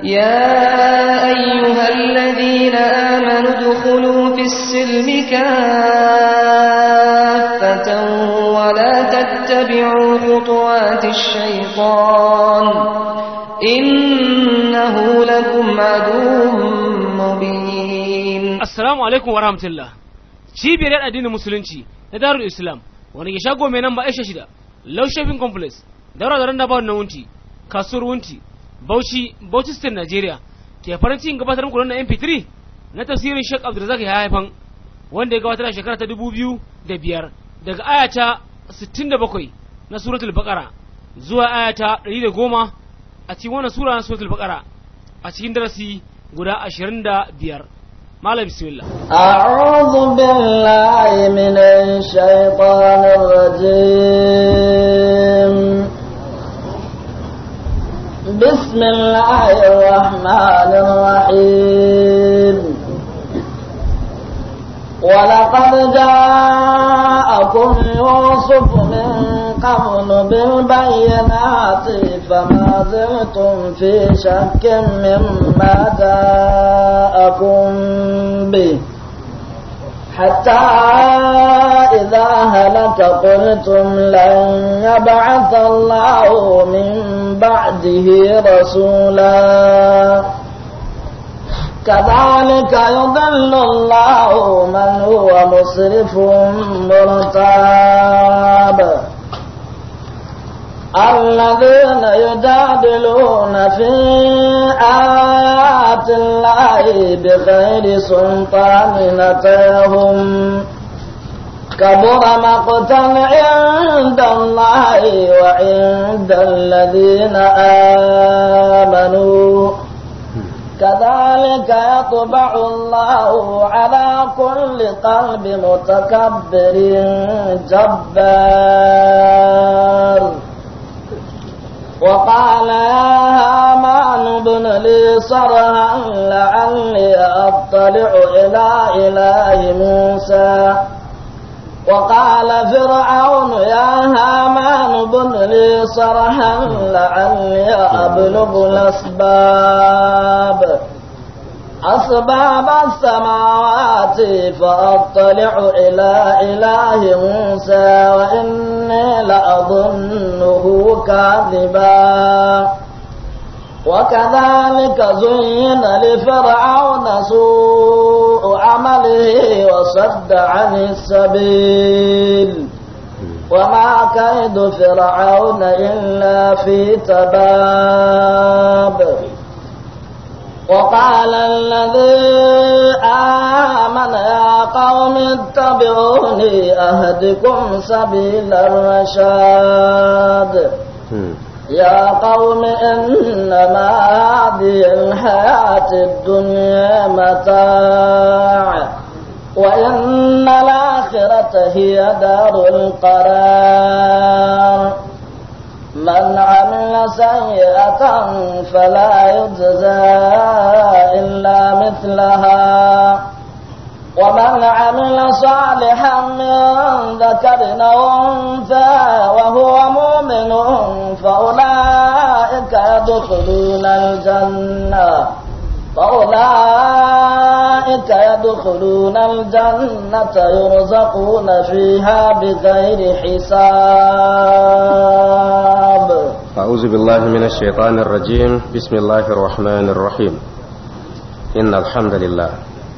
يا أيها الذين آمنوا ادخلوا في السلم كافة ولا تتبعوا خطوات الشيطان إنه لكم عدو مبين السلام عليكم ورحمة الله شيبي رأى الدين المسلمين ندار الإسلام وانا يشاقوا من نمبر إيش لو شايفين كومبلس دارا دارا نبار نونتي كسر ونتي Bauchi Bauchi State Nigeria ke farin cikin gabatar muku na MP3 na tafsirin Sheikh Abdulrazak ya haifan wanda ya gabatar a shekara ta 2005 daga aya ta 67 na suratul baqara zuwa aya ta 110 a cikin wannan sura na suratul baqara a cikin darasi guda 25 malam bismillah a'udhu billahi minash shaitanir rajim بسم الله الرحمن الرحيم ولقد جاءكم يوسف من قبل بالبينات فما زلتم في شك مما جاءكم به حتى إذا هلك قلتم لن يبعث الله من بعده رسولا كذلك يضل الله من هو مسرف مرتاب الذين يجادلون في آيات الله بغير سلطان أتاهم كبر مقتا عند الله وعند الذين آمنوا كذلك يطبع الله على كل قلب متكبر جبار وقال يا هامان ابن لي صرها لعلي أطلع إلى إله موسى وقال فرعون يا هامان ابن لي صرها لعلي أبلغ الأسباب أسباب السماوات فأطلع إلى إله موسى وإني لأظنه كاذبا وكذلك زين لفرعون سوء عمله وصد عن السبيل وما كيد فرعون إلا في تباب وقال الذي آمن يا قوم اتبعوني أهدكم سبيل الرشاد يا قوم إنما هذه الحياة الدنيا متاع وإن الآخرة هي دار القرار من عمل سيئة فلا يجزى إلا مثلها ومن عمل صالحا من ذكر أو أنثى وهو مؤمن فأولئك يدخلون الجنة فأولئك يدخلون الجنة يرزقون فيها بغير حساب أعوذ بالله من الشيطان الرجيم بسم الله الرحمن الرحيم إن الحمد لله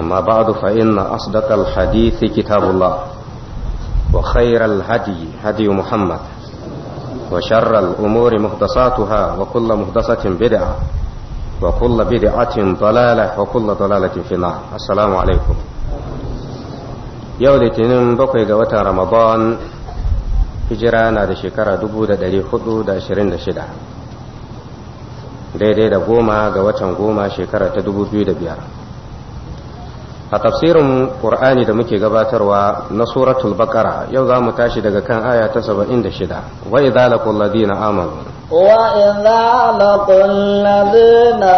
أما بعد فإن أصدق الحديث كتاب الله وخير الهدي هدي محمد وشر الأمور محدثاتها وكل محدثة بدعة وكل بدعة ضلالة وكل ضلالة في النار السلام عليكم يولي تنم بقي قوتا رمضان hijira na da shekara 426 daidai da goma ga watan goma shekara ta 2005 a tafsirin qur'ani da muke gabatarwa na suratul baqara yau za mu tashi daga kan aya ta 76 wa idza laqul ladina amanu wa idza laqul ladina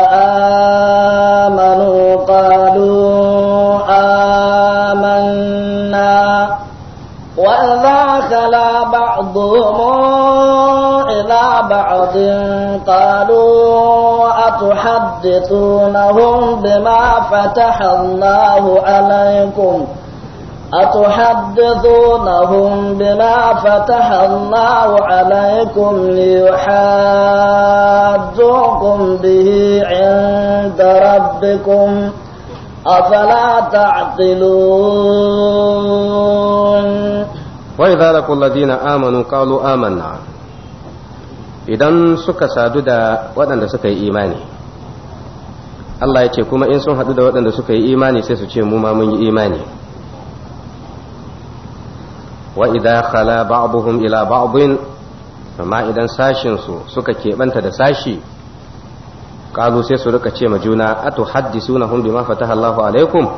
amanu qalu amanna wa idza khala ba'dhum ila din qalu أتحدثونهم بما فتح الله عليكم أتحدثونهم بما فتح الله عليكم ليحاجوكم به عند ربكم أفلا تعقلون وإذا لقوا الذين آمنوا قالوا آمنا idan suka sadu da waɗanda suka yi imani Allah ya ce kuma in sun haɗu da waɗanda suka yi imani sai su ce mu ma mun yi imani wa idza khala ba'dhum ila ba'dhin amma idan sashin su suka keɓanta da sashi ƙaru sai su rika ce ma juna atuhaddisunahum bima fataha Allahu alaikum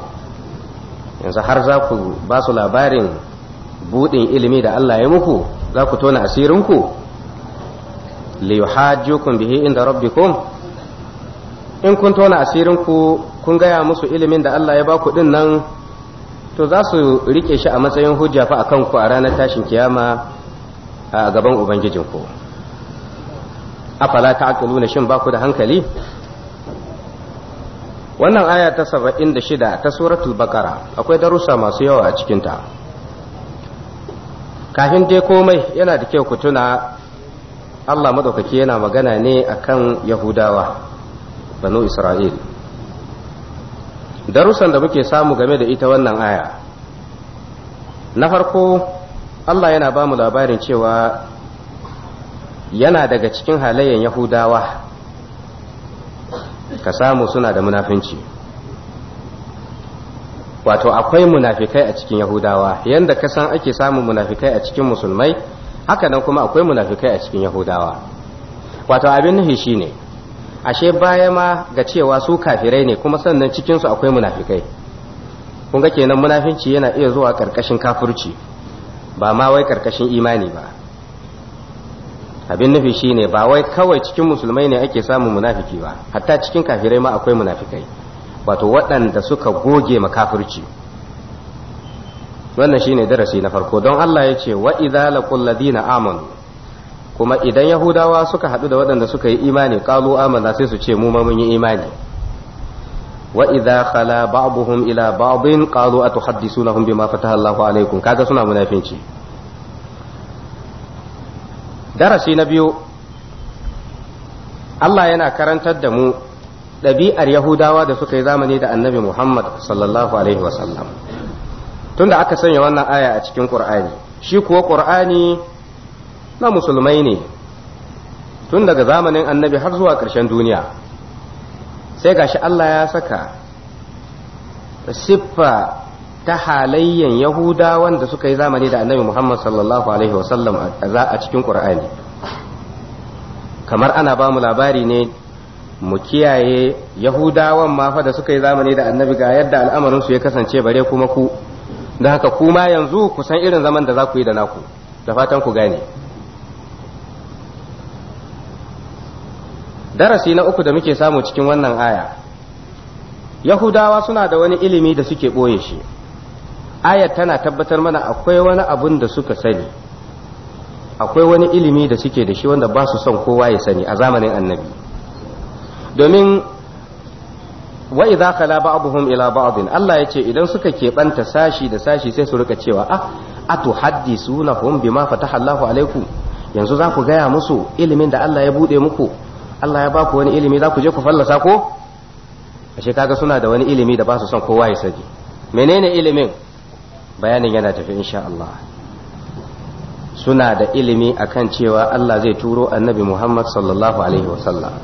yanzu har za ku ba su labarin budin ilimi da Allah ya muku za ku tona asirinku liyuhajjukum bihi inda rabbikum in kun tona asirin ku kun gaya musu ilimin da Allah ya ba ku din nan to za su rike shi a matsayin hujja fa akan ku a ranar tashin kiyama a gaban ku afala ta'qiluna shin ba ku da hankali wannan aya ta 76 ta suratul baqara akwai darussa masu yawa a cikinta kafin dai komai yana da kyau ku tuna Allah madaukaki yana magana ne akan Yahudawa banu Isra'il darussan da muke samu game da ita wannan aya na farko Allah yana ba mu labarin cewa yana daga cikin halayen Yahudawa ka samu suna da munafinci wato akwai munafikai a cikin Yahudawa yanda ka san ake samun munafikai a cikin musulmai haka nan kuma akwai munafikai a cikin yahudawa wato abin nufi shine ashe baya ma ga cewa su kafirai ne kuma sannan cikinsu akwai munafikai kun ga kenan munafinci yana iya zuwa karkashin kafirci ba ma wai karkashin imani ba abin nufi shine ba wai kawai cikin musulmai ne ake samun munafiki ba hatta cikin kafirai ma akwai munafikai wato waɗanda suka goge makafirci kafurci. wannan shine darasi na farko don Allah ya ce wa idza laqul ladina amanu kuma idan yahudawa suka haɗu da waɗanda suka yi imani qalu amanna sai su ce mu ma mun yi imani wa idza khala ba'dhum ila ba'dhin qalu atuhaddisunahum bima fataha Allahu alaikum kaga suna munafinci darasi na biyu Allah yana karantar da mu ɗabi'ar Yahudawa da suka yi zamani da annabi Muhammad sallallahu Alaihi wasallam tunda aka sanya wannan aya a cikin qur'ani shi kuwa qur'ani na musulmai ne tun daga zamanin annabi har zuwa ƙarshen duniya sai gashi Allah ya saka siffa ta halayyan yahuda wanda suka yi zamani da annabi muhammad sallallahu alaihi wasallam a cikin qur'ani kamar ana ba mu labari ne mu kiyaye yahudawan ma fa da suka yi zamani da annabi ga yadda al'amarin su ya kasance bare kuma ku da haka kuma yanzu ku san irin zaman da za ku yi da naku da fatan ku gane darasi na uku da muke samu cikin wannan aya yahudawa suna da wani ilimi da suke ɓoye shi ayar tana tabbatar mana akwai wani abun da suka sani akwai wani ilimi da suke da shi wanda ba su son kowa ya sani a zamanin annabi domin wa idza khala ba'dhum ila ba'din Allah yace idan suka keɓanta sashi da sashi sai su rika cewa ah atuhaddisunahum bima fataha Allahu alaikum yanzu za ku gaya musu ilimin da Allah ya bude muku Allah ya ba ku wani ilimi za ku je ku fallasa ko ashe kaga suna da wani ilimi da ba su son kowa ya sani menene ilimin bayanin yana tafi insha Allah suna da ilimi akan cewa Allah zai turo annabi Muhammad sallallahu alaihi sallam.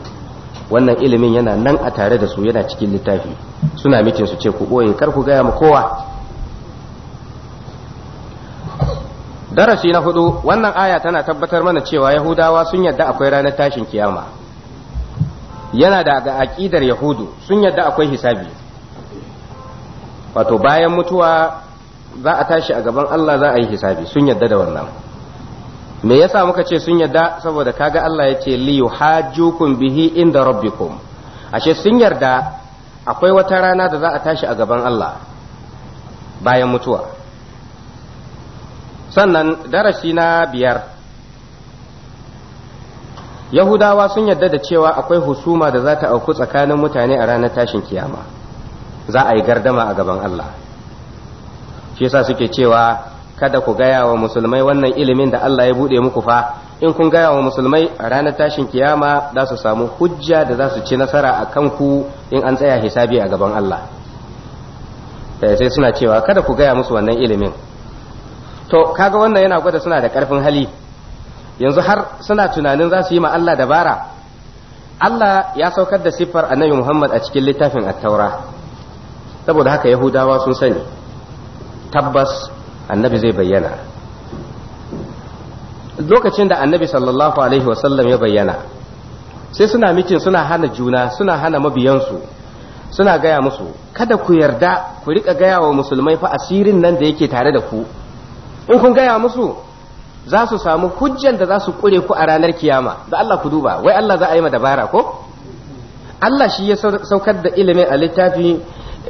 wannan ilimin yana nan a tare da su yana cikin littafi suna mikin su ce ku ɓoye kar ku gaya ma kowa darasi na hudu wannan aya tana tabbatar mana cewa yahudawa sun yadda akwai ranar tashin kiyama yana da ga aƙidar yahudu sun yadda akwai hisabi wato bayan mutuwa za a tashi a gaban allah za a yi hisabi sun yadda da wannan me yasa muka ce sun yarda saboda kaga Allah ya ce li yuhajjukum bihi inda rabbikum ashe sun yarda akwai wata rana da za a tashi a gaban Allah bayan mutuwa sannan darasi na biyar yahudawa sun yarda da cewa akwai husuma da za ta auku tsakanin mutane a ranar tashin kiyama za a yi gardama a gaban Allah shi yasa suke cewa kada ku gaya wa musulmai wannan ilimin da Allah ya buɗe muku fa in kun gaya wa musulmai a ranar tashin kiyama za su samu hujja da za su ci nasara a kanku in an tsaya hisabi a gaban Allah eh, sai suna cewa kada ku gaya musu wannan ilimin to kaga wannan yana gwada suna da ƙarfin hali yanzu har suna tunanin za su yi ma Allah dabara Allah ya saukar da siffar annabi Muhammad a cikin littafin at-taura saboda haka Yahudawa sun sani tabbas annabi zai bayyana lokacin da annabi sallallahu alaihi wasallam ya bayyana sai suna mikin suna hana juna suna hana mabiyansu suna gaya musu kada ku yarda ku rika gaya wa musulmai fa asirin nan da yake tare da ku in kun gaya musu za su samu hujjan da za su kure ku a ranar kiyama da Allah ku duba wai Allah za a yi ma dabara ko Allah shi ya saukar da ilimin a littafi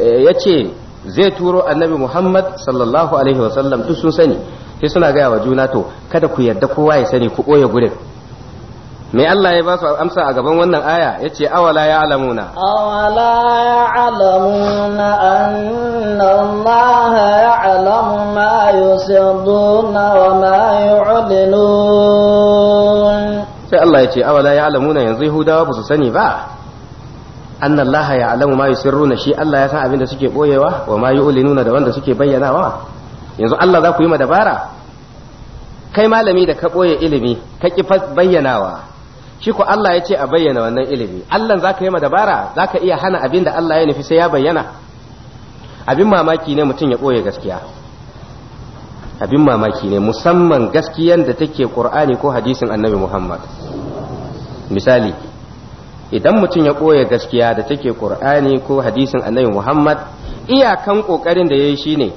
eh, ya ce zai turo annabi Muhammad sallallahu alaihi wasallam duk sun sani sai suna gaya wa juna to kada ku yarda kowa ya sani ku ɓoye gurin me Allah ya ba su amsa a gaban wannan aya ya ce awala ya alamuna awala ya alamuna anna Allah ya alamu ma yusirruna wa ma yu'linun sai Allah ya ce awala ya alamuna yanzu Yahudawa ba su sani ba anna allaha ya'lamu ma yusirruna shi Allah ya san abin da suke boyewa wa ma yu'linuna da wanda suke bayyanawa yanzu Allah za ku yi ma dabara kai malami da ka boye ilimi ka kifa bayyanawa shi ko Allah ya ce a bayyana wannan ilimi allan za ka yi wa dabara za ka iya hana abin da Allah ya nufi sai ya bayyana abin mamaki ne mutum ya boye gaskiya abin mamaki ne musamman gaskiyan da take Qur'ani ko hadisin Annabi Muhammad misali idan mutum ya ɓoye gaskiya da take ƙur'ani ko hadisin annabi muhammad iyakan ƙoƙarin da ya yi shine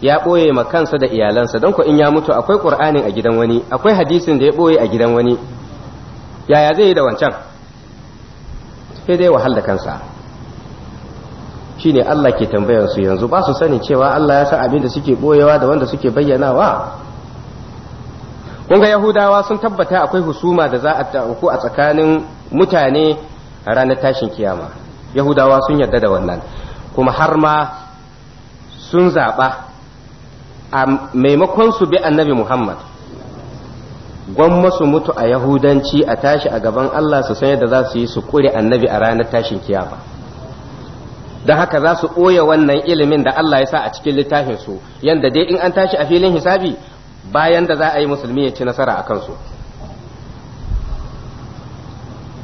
ya ɓoye ma kansa da iyalansa don ko in ya mutu akwai qur'anin a gidan wani akwai hadisin da ya ɓoye a gidan wani yaya zai yi da wancan sai dai wahal da kansa shine Allah ke tambayar su yanzu ba su sani cewa Allah ya san abin da suke ɓoyewa da wanda suke bayyanawa kun ga yahudawa sun tabbata akwai husuma da za a ta'uku a tsakanin mutane ranar tashin kiyama yahudawa sun yarda da wannan kuma har ma sun zaɓa a maimakon su bi annabi muhammad gwamma su mutu a yahudanci a tashi a gaban allah su san yadda za su yi su kure annabi a ranar tashin kiyama don haka za su ɓoye wannan ilimin da allah ya sa a cikin littafinsu yadda dai in an tashi a filin hisabi bayan da za a yi musulmi ya ci nasara a kansu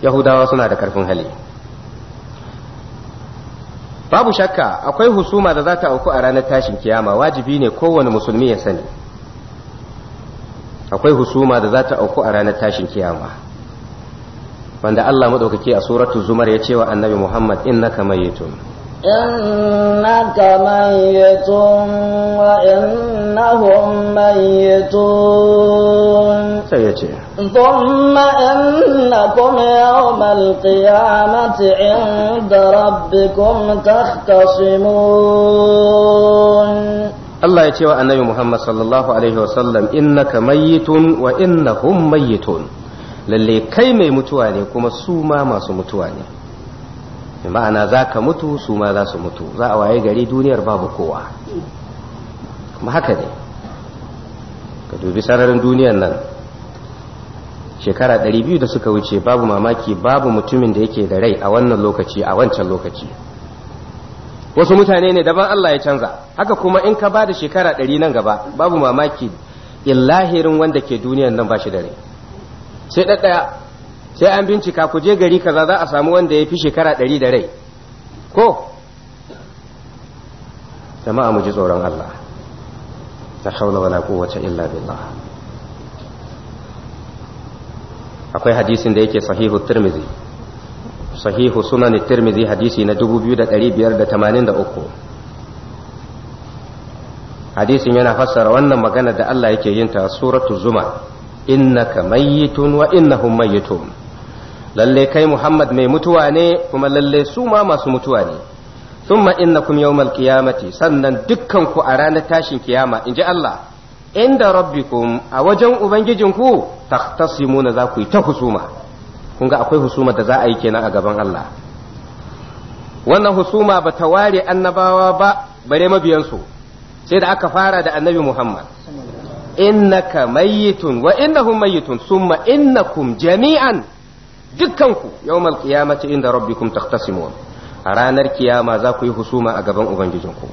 yahudawa suna da karfin hali babu shakka akwai husuma da za ta auku a ranar tashin kiyama wajibi ne kowane musulmi ya sani akwai husuma da za ta auku a ranar tashin kiyama wanda Allah maɗaukaki a suratu zumar ya ce wa annabi Muhammad innaka mayyitun إنك ميت وإنهم ميتون ثم إنكم يوم القيامة عند ربكم تختصمون Allah ya ce wa annabi Muhammad sallallahu Alaihi wasallam innaka mayyitun wa innahum mayyitun lalle kai mai mutuwa ne kuma su ma masu mutuwa ne ma'ana za ka mutu su ma za su mutu za a waye gari duniyar babu kowa kuma haka ne ka dubi sararin duniyar nan shekara 200 da suka wuce babu mamaki babu mutumin da yake da rai a wannan lokaci a wancan lokaci wasu mutane ne daban Allah ya canza haka kuma in ka bada shekara 100 nan gaba babu mamaki illahirin wanda ke duniyar nan ba shi da rai sai ɗaɗɗaya sai an bincika ku je gari kaza za a samu wanda ya fi shekara ɗari da rai ko jama'a mu ji tsoron Allah ta haula wala quwwata illa billah akwai hadisin da yake sahihu tirmidhi sahihu sunan tirmidhi hadisi na 2583 hadisin yana fassara wannan magana da Allah yake yin ta suratul zuma innaka mayyitun wa innahum mayyitun Lallai kai Muhammad mai mutuwa ne kuma lallai suma masu mutuwa ne thumma innakum yawmal qiyamati sannan dukkanku a ranar tashin kiyama inji Allah inda rabbikum a wajen ubangijinku takhtasimuna za ku yi ta husuma kun ga akwai husuma da za a yi kenan a gaban Allah wannan husuma ba ta ware annabawa ba bare mabiyansu sai da aka fara da annabi Muhammad innaka mayyitun wa innahum mayyitun summa innakum jami'an dukkanku yawmal qiyamati inda rabbikum tahtasimun a ranar kiyama za ku yi husuma a gaban ubangijinku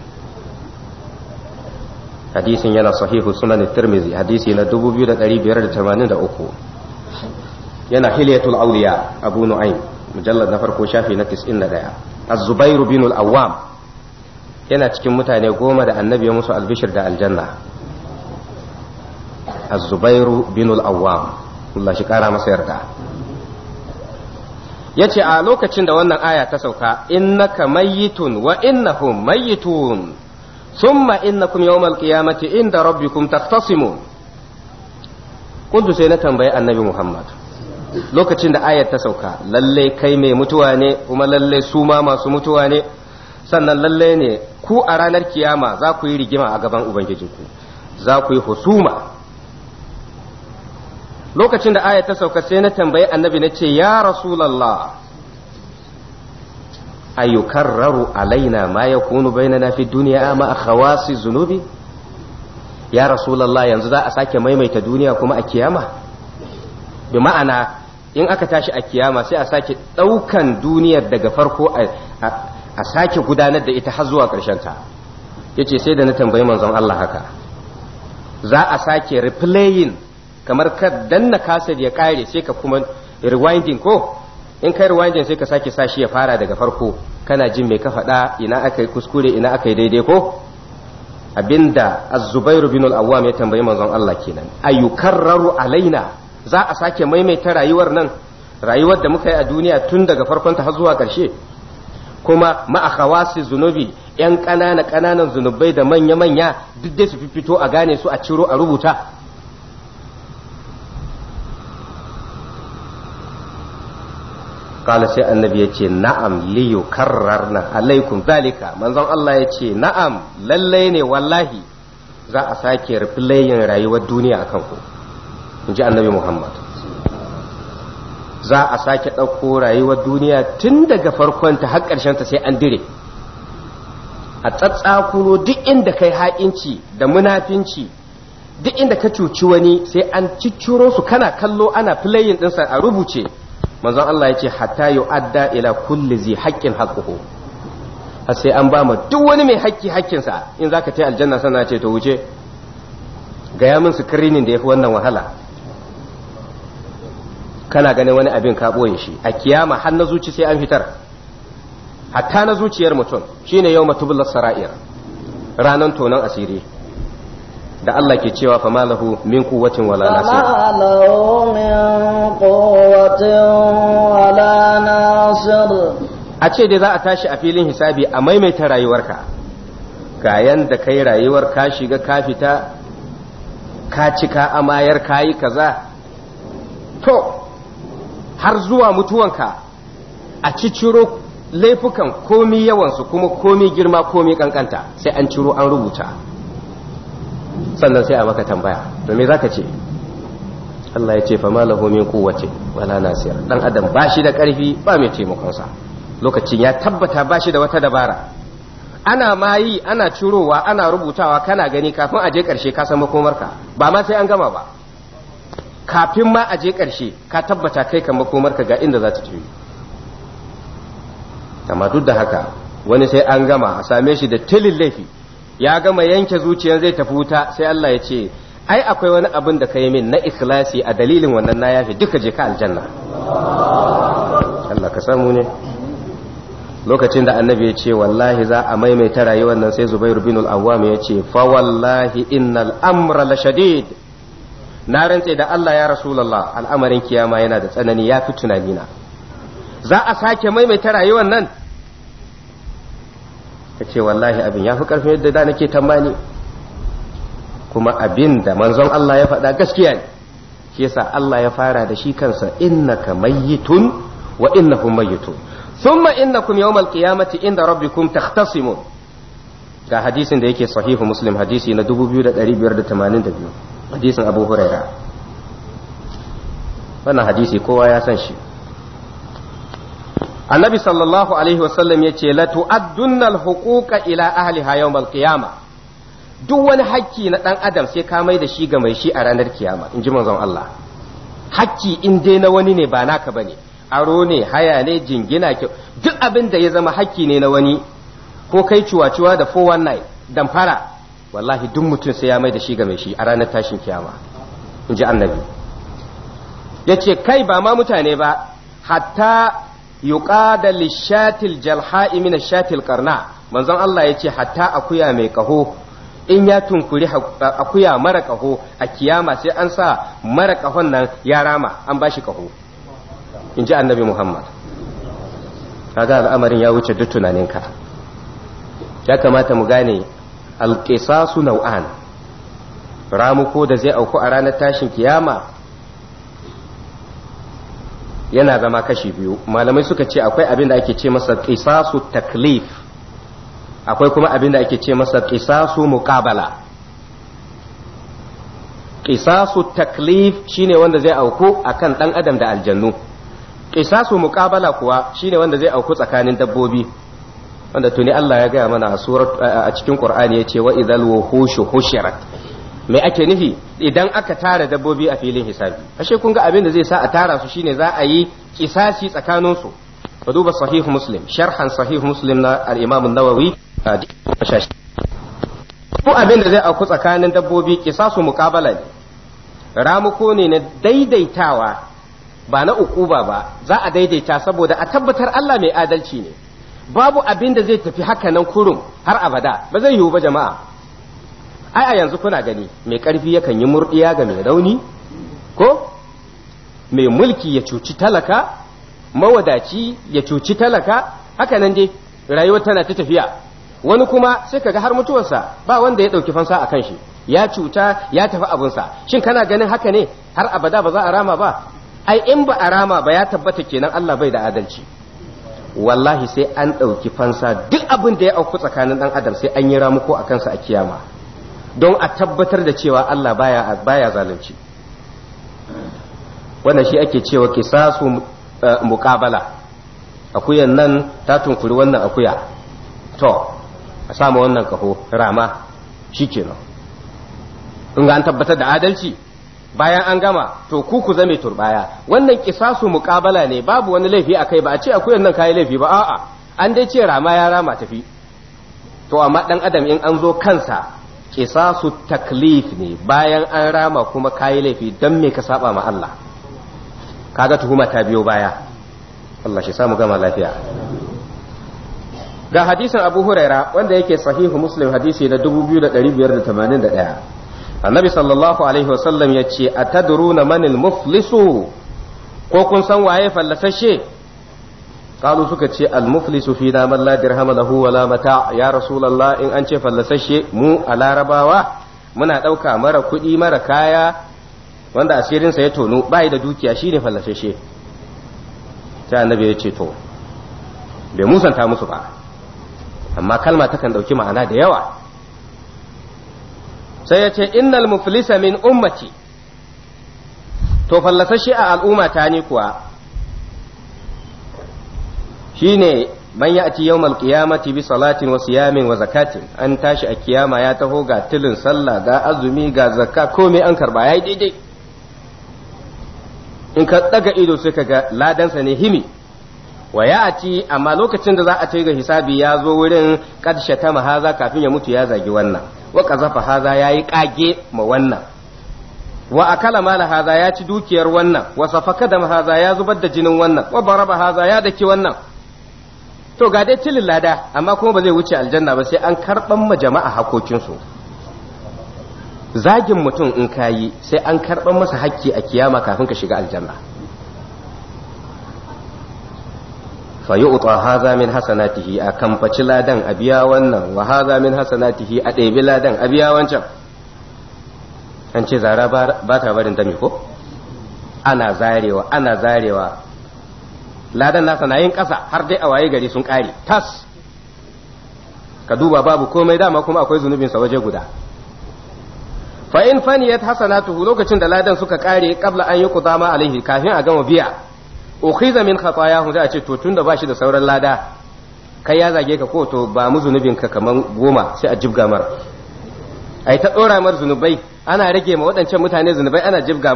hadisin yana sahihu sunan tirmizi hadisi na 2583 yana hilyatul awliya abu nu'aym mujallad na farko shafi na 91 az-zubair bin al-awwam yana cikin mutane goma da annabi ya musu albishir da aljanna az Zubairu bin al-awwam Allah shi kara masa yarda yace a lokacin da wannan aya ta sauka innaka mayyitun wa innahum mayyitun thumma innakum yawmal qiyamati inda rabbikum taqtasimun Kudu sai na tambayi annabi Muhammad lokacin da aya ta sauka lalle kai mai mutuwa ne kuma lalle su ma masu mutuwa ne sannan lalle ne ku a ranar kiyama za ku yi rigima a gaban ubangijinku za ku yi husuma lokacin da aya ta sauka sai na tambayi annabi na ce ya rasulallah ayukarraru alaina ma baina na fi duniya ma khawasi zunubi ya rasulallah yanzu za a sake maimaita duniya kuma a kiyama bi ma'ana in aka tashi a kiyama sai a sake ɗaukan duniyar daga farko a sake gudanar da ita har zuwa ƙarshen ta. Yace sai da na tambayi manzon Allah haka za a sake replaying kamar ka danna kaset ya kare sai ka kuma rewinding ko in kai rewinding sai ka sake sa shi ya fara daga farko kana jin mai ka faɗa ina aka yi kuskure ina aka yi daidai ko abinda az-zubair bin al-awwam ya tambayi manzon Allah kenan ayukarraru alaina za a sake maimaita rayuwar nan rayuwar da muka yi a duniya tun daga farkon ta har zuwa karshe. kuma akhawasi zunubi yan kanana kananan zunubai da manya manya duk dai su fito a gane su a ciro a rubuta kala sai annabi ya ce na'am li yukarrarna alaikum zalika manzon Allah ya ce na'am lallai ne wallahi za a sake filayin rayuwar duniya akan ku in ji annabi Muhammad za a sake ɗauko rayuwar duniya tun daga farkonta har ta sai an dire a tsatsakulo duk inda kai ha'inci da munafinci duk inda ka cuci wani sai an cicciro su kana kallo ana filayin ɗinsa a rubuce manzon Allah ya ce hatta yu'adda ila kulli zi haqqin haqquhu har sai an ba ma duk wani mai haƙƙi haƙƙinsa in zaka tai aljanna sana ce to wuce gaya min screening da yafi wannan wahala kana ganin wani abin ka boye shi a kiyama har na zuci sai an fitar hatta na zuciyar mutum shine yau tubla sara'ir ranar tonon asiri da Allah ke cewa fa malahu min quwwatin wala nasir fa malahu min quwwatin wala nasir a ce dai za a tashi a filin hisabi a maimaita rayuwarka ga yanda kai rayuwar ka shiga ka fita ka cika amayar kayi kaza to har zuwa mutuwanka a ciro laifukan komi yawansu kuma komi girma komi kankanta sai an ciro an rubuta sannan sai a maka tambaya to me zaka ce Allah ya ce fa ma lahu min quwwati wala nasir dan adam ba shi da karfi ba mai taimakon sa lokacin ya tabbata ba shi da wata dabara ana mayi ana cirowa ana rubutawa kana gani kafin a je karshe ka san makomarka ba ma sai an gama ba kafin ma a je karshe ka tabbata kai kan makomarka ga inda za ta tafi amma duk da haka wani sai an gama a same shi da tilin laifi ya gama yanke zuciyar zai tafi wuta sai Allah ya ce ai akwai wani abin da kai min na ikhlasi a dalilin wannan na yafi duka je ka aljanna Allah ka samu ne lokacin da annabi ya ce wallahi za a maimaita rayuwar nan sai Zubairu bin al-Awwam ya ce fa wallahi innal amra la shadid na rantse da Allah ya rasulullah al'amarin kiyama yana da tsanani ya fi tunanina za a sake maimaita rayuwar nan ka ce wallahi abin ya fi ƙarfin yadda da nake tambani kuma abin da manzon Allah ya faɗa gaskiya ne shi yasa Allah ya fara da shi kansa innaka mayyitun wa innahum mayyitun thumma innakum yawmal qiyamati inda rabbikum takhtasimun ga hadisin da yake sahihu muslim hadisi na 2582 hadisin abu huraira wannan hadisi kowa ya san shi annabi sallallahu alaihi wasallam ya ce latu addunan huquqa ila ahliha yawmal qiyama duk wani hakki na ɗan adam sai ka mai da shi ga mai shi a ranar kiyama in ji manzon Allah hakki in dai na wani ne ba naka bane aro ne haya ne jingina kyau duk abin da ya zama hakki ne na wani ko kai ciwa-ciwa da 419 damfara wallahi duk mutum sai ya mai da shi ga mai shi a ranar tashin kiyama in ji annabi ya ce kai ba ma mutane ba hatta yuqada lishatil jalha'i min shatil qarna manzon Allah yace hatta akuya mai kaho in ya tunkuri akuya mara kaho a kiyama sai an sa mara kahon nan ya rama an bashi kaho in ji annabi Muhammad kaga al'amarin ya wuce duk tunaninka ya kamata mu gane alqisasu nau'an ramuko da zai auku a ranar tashin kiyama yana zama kashi biyu malamai suka ce akwai abin da ake ce masa qisasu taklif akwai kuma abin da ake ce masa qisasu muqabala qisasu taklif shine wanda zai auku akan dan adam da aljannu qisasu muqabala kuwa shine wanda zai auku tsakanin dabbobi wanda tuni Allah ya gaya mana a cikin Qur'ani yace wa idhal wuhushu hushirat Mai ake nufi idan aka tara dabbobi a filin hisabi ashe kun ga abin da zai sa a tara su shine za a yi kisasi tsakanin su fa duba sahih muslim sharhan sahih muslim na al-imam an-nawawi ko abin da zai auku tsakanin dabbobi kisasu muqabala ne ramuko ne na daidaitawa ba na ukuba ba za a daidaita saboda a tabbatar Allah mai adalci ne babu abin da zai tafi haka nan kurum har abada ba zai yiwu ba jama'a ai a yanzu kuna gani mai ƙarfi yakan yi murɗiya ga mai rauni ko mai mulki ya cuci talaka mawadaci ya cuci talaka haka nan dai rayuwar tana ta tafiya wani kuma sai kaga har mutuwarsa ba wanda ya ɗauki fansa a kan shi ya cuta ya tafi abunsa shin kana ganin haka ne har abada ba za a rama ba ai in ba a rama ba ya tabbata kenan Allah bai da adalci wallahi sai an ɗauki fansa duk abin da ya auku tsakanin ɗan adam sai an yi ramuko a kansa a kiyama don a tabbatar da cewa Allah baya baya zalunci wannan shi ake cewa kisasu eh, muqabala akuyan nan ta tunkuri wannan akuya to a samu wannan kaho rama shikenan in ga an tabbatar da adalci bayan an gama to ku ku zame turbaya wannan kisasu muqabala ne babu wani laifi akai ba a ce akuyan nan kai laifi ba a'a an dai ce rama ya rama tafi to amma dan adam in an zo kansa kisasu taklif ne bayan an rama kuma kayi laifi don me ka saba ma Allah kaga tuhuma ta biyo baya Allah shi samu gama lafiya ga hadisin Abu Huraira wanda yake sahihu Muslim hadisi na 2581 Annabi sallallahu alaihi wasallam yace atadruna manil muflisu ko kun san waye fallasashe Kalu suka ce al muflisu fi na man wala mata ya rasulullah in an ce fallasashe mu a larabawa muna ɗauka mara kuɗi mara kaya wanda asirin sa ya tono bai da dukiya shine fallasashe sai annabi ya ce to bai musanta musu ba amma kalma takan ɗauki ma'ana da yawa sai yace ce innal muflisa min to fallasashe a al'ummata ne kuwa shine man ya'ti yawmal qiyamati bi salatin wa siyamin wa zakatin an tashi a kiyama ya taho ga tilin sallah ga azumi ga zakka komai an karba yayi daidai in ka daga ido sai ka ga ladansa ne himi wa ya'ti amma lokacin da za a ce ga hisabi ya zo wurin ta ma haza kafin ya mutu ya zagi wannan wa qazafa haza yayi kage ma wannan wa akala mala haza ya ci dukiyar wannan wa safaka da haza ya zubar da jinin wannan wa baraba haza ya daki wannan to ga dai cilin lada amma kuma ba zai wuce aljanna ba sai an karban ma jama'a hakokinsu zagin mutum in kayi sai an karɓan masa hakki a kiyama kafin ka shiga aljanna fa yu'ta hadha min hasanatihi a kamfaci ladan a biya wannan wa hadha min hasanatihi a ɗebi ladan a biya wancan an ce zara ba ta barin dami ko ana zarewa ana zarewa ladan nasa na yin ƙasa har dai a waye gari sun ƙare tas ka duba babu komai dama kuma akwai zunubinsa waje guda fa in faniyat hasanatuhu lokacin da ladan suka ƙare qabla an yuqda a alaihi kafin a gama biya ukhiza min khatayahu da a ce to tunda shi da sauran lada kai ya zage ka ko to ba mu zunubin ka kaman goma sai a jibga A ai ta dora mar zunubai ana rage ma waɗancan mutane zunubai ana jibga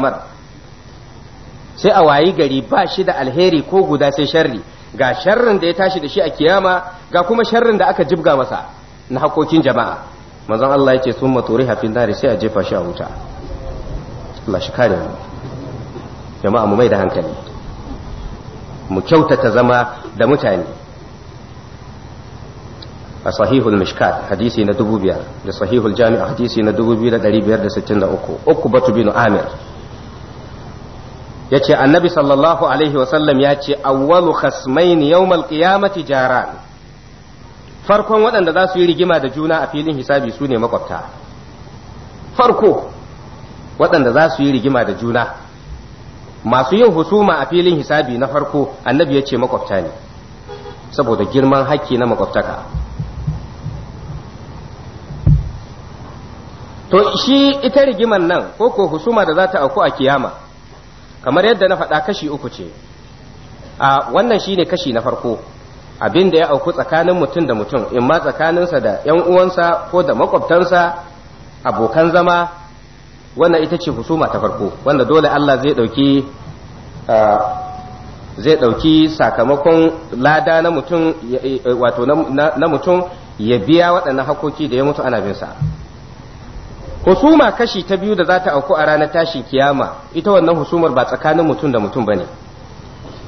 sai a wayi gari ba shi da alheri ko guda sai sharri ga sharrin da ya tashi da shi a kiyama ga kuma sharrin da aka jibga masa na hakokin jama'a manzon Allah yake sun maturi hafin dare sai a jefa shi a wuta Allah shi kare mu jama'a mu mai da hankali mu kyautata zama da mutane a sahihul mishkat hadisi na dubu biyar da sahihul jami'a hadisi na da uku uku batu binu amir ya ce annabi sallallahu alaihi wasallam ya ce awwalu khasmain yawmal qiyamati jaran farkon waɗanda za su yi rigima da juna a filin hisabi su ne makwabta farko waɗanda za su yi rigima da juna masu yin husuma a filin hisabi na farko annabi ya ce makwabta ne saboda girman hakki na makwabtaka to shi ita rigiman nan ko ko husuma da za ta auku a kiyama kamar yadda na faɗa kashi uku ce a wannan shine kashi na farko abin da ya auku tsakanin mutum da mutum in ma tsakaninsa da yan uwansa ko da makwabtansa abokan zama wannan ita ce husuma ta farko wanda dole Allah zai ɗauki zai ɗauki sakamakon lada na mutum wato na mutum ya biya waɗannan hakoki da ya mutu ana bin sa husuma kashi ta biyu da za ta auku a ranar tashi kiyama ita wannan husumar ba tsakanin mutum da mutum ba ne.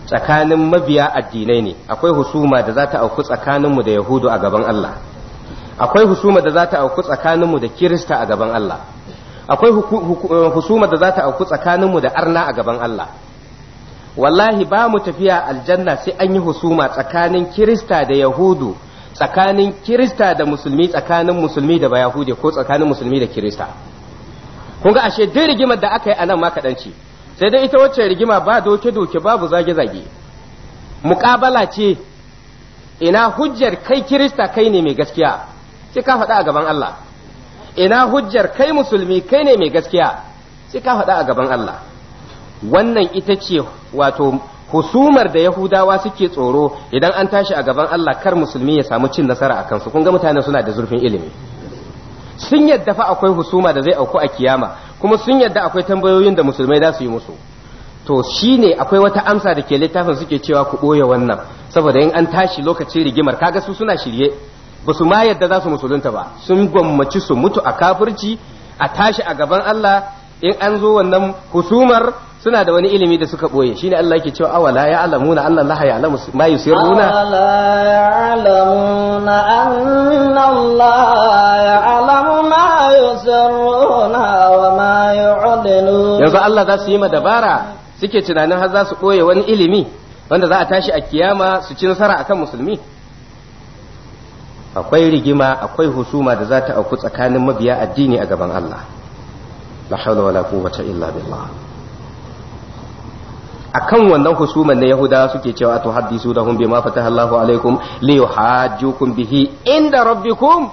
tsakanin mabiya addinai ne akwai husuma da za ta auku tsakaninmu da yahudu a gaban Allah akwai husuma da za ta auku tsakaninmu da kirista a gaban Allah akwai eh, husuma da za ta auku tsakaninmu da arna a gaban Allah wallahi ba mu tafiya aljanna sai an yi husuma tsakanin kirista da yahudu tsakanin kirista da musulmi tsakanin musulmi da bayahude ko tsakanin musulmi da kirista kun ga ashe duk rigimar da aka yi anan ma kaɗanci sai dai ita wacce rigima ba doke doke babu zage zage muƙabala ce ina hujjar kai kirista kai ne mai gaskiya sai ka faɗa a gaban Allah ina hujjar kai musulmi kai ne mai gaskiya sai ka faɗa a gaban Allah wannan ita ce wato husumar da yahudawa suke tsoro idan an tashi a gaban Allah kar musulmi ya samu cin nasara akan su kun ga mutane suna da zurfin ilimi sun yadda fa akwai husuma da zai auku a kiyama kuma sun yadda akwai tambayoyin da musulmai za su yi musu to shine akwai wata amsa da ke littafin suke cewa ku ɓoye wannan saboda in an tashi lokacin rigimar kaga su suna shirye ba su ma yadda za su musulunta ba sun gwammaci su mutu a kafirci a tashi a gaban Allah in an zo wannan husumar suna da wani ilimi da suka boye shine Allah yake cewa awala ya alamuna Allah la ya ma yusirruna awala ya anna Allah ya alamu ma yusirruna wa ma yu'linu yanzu Allah za su yi ma dabara suke tunanin har za su boye wani ilimi wanda za a tashi a kiyama su ci nasara akan musulmi akwai rigima akwai husuma da za ta auku tsakanin mabiya addini a gaban Allah la hawla wala quwwata illa billah akan wannan husuman na yahudawa suke cewa to haddisu da hum bima fataha Allahu alaikum li yuhajjukum bihi inda rabbikum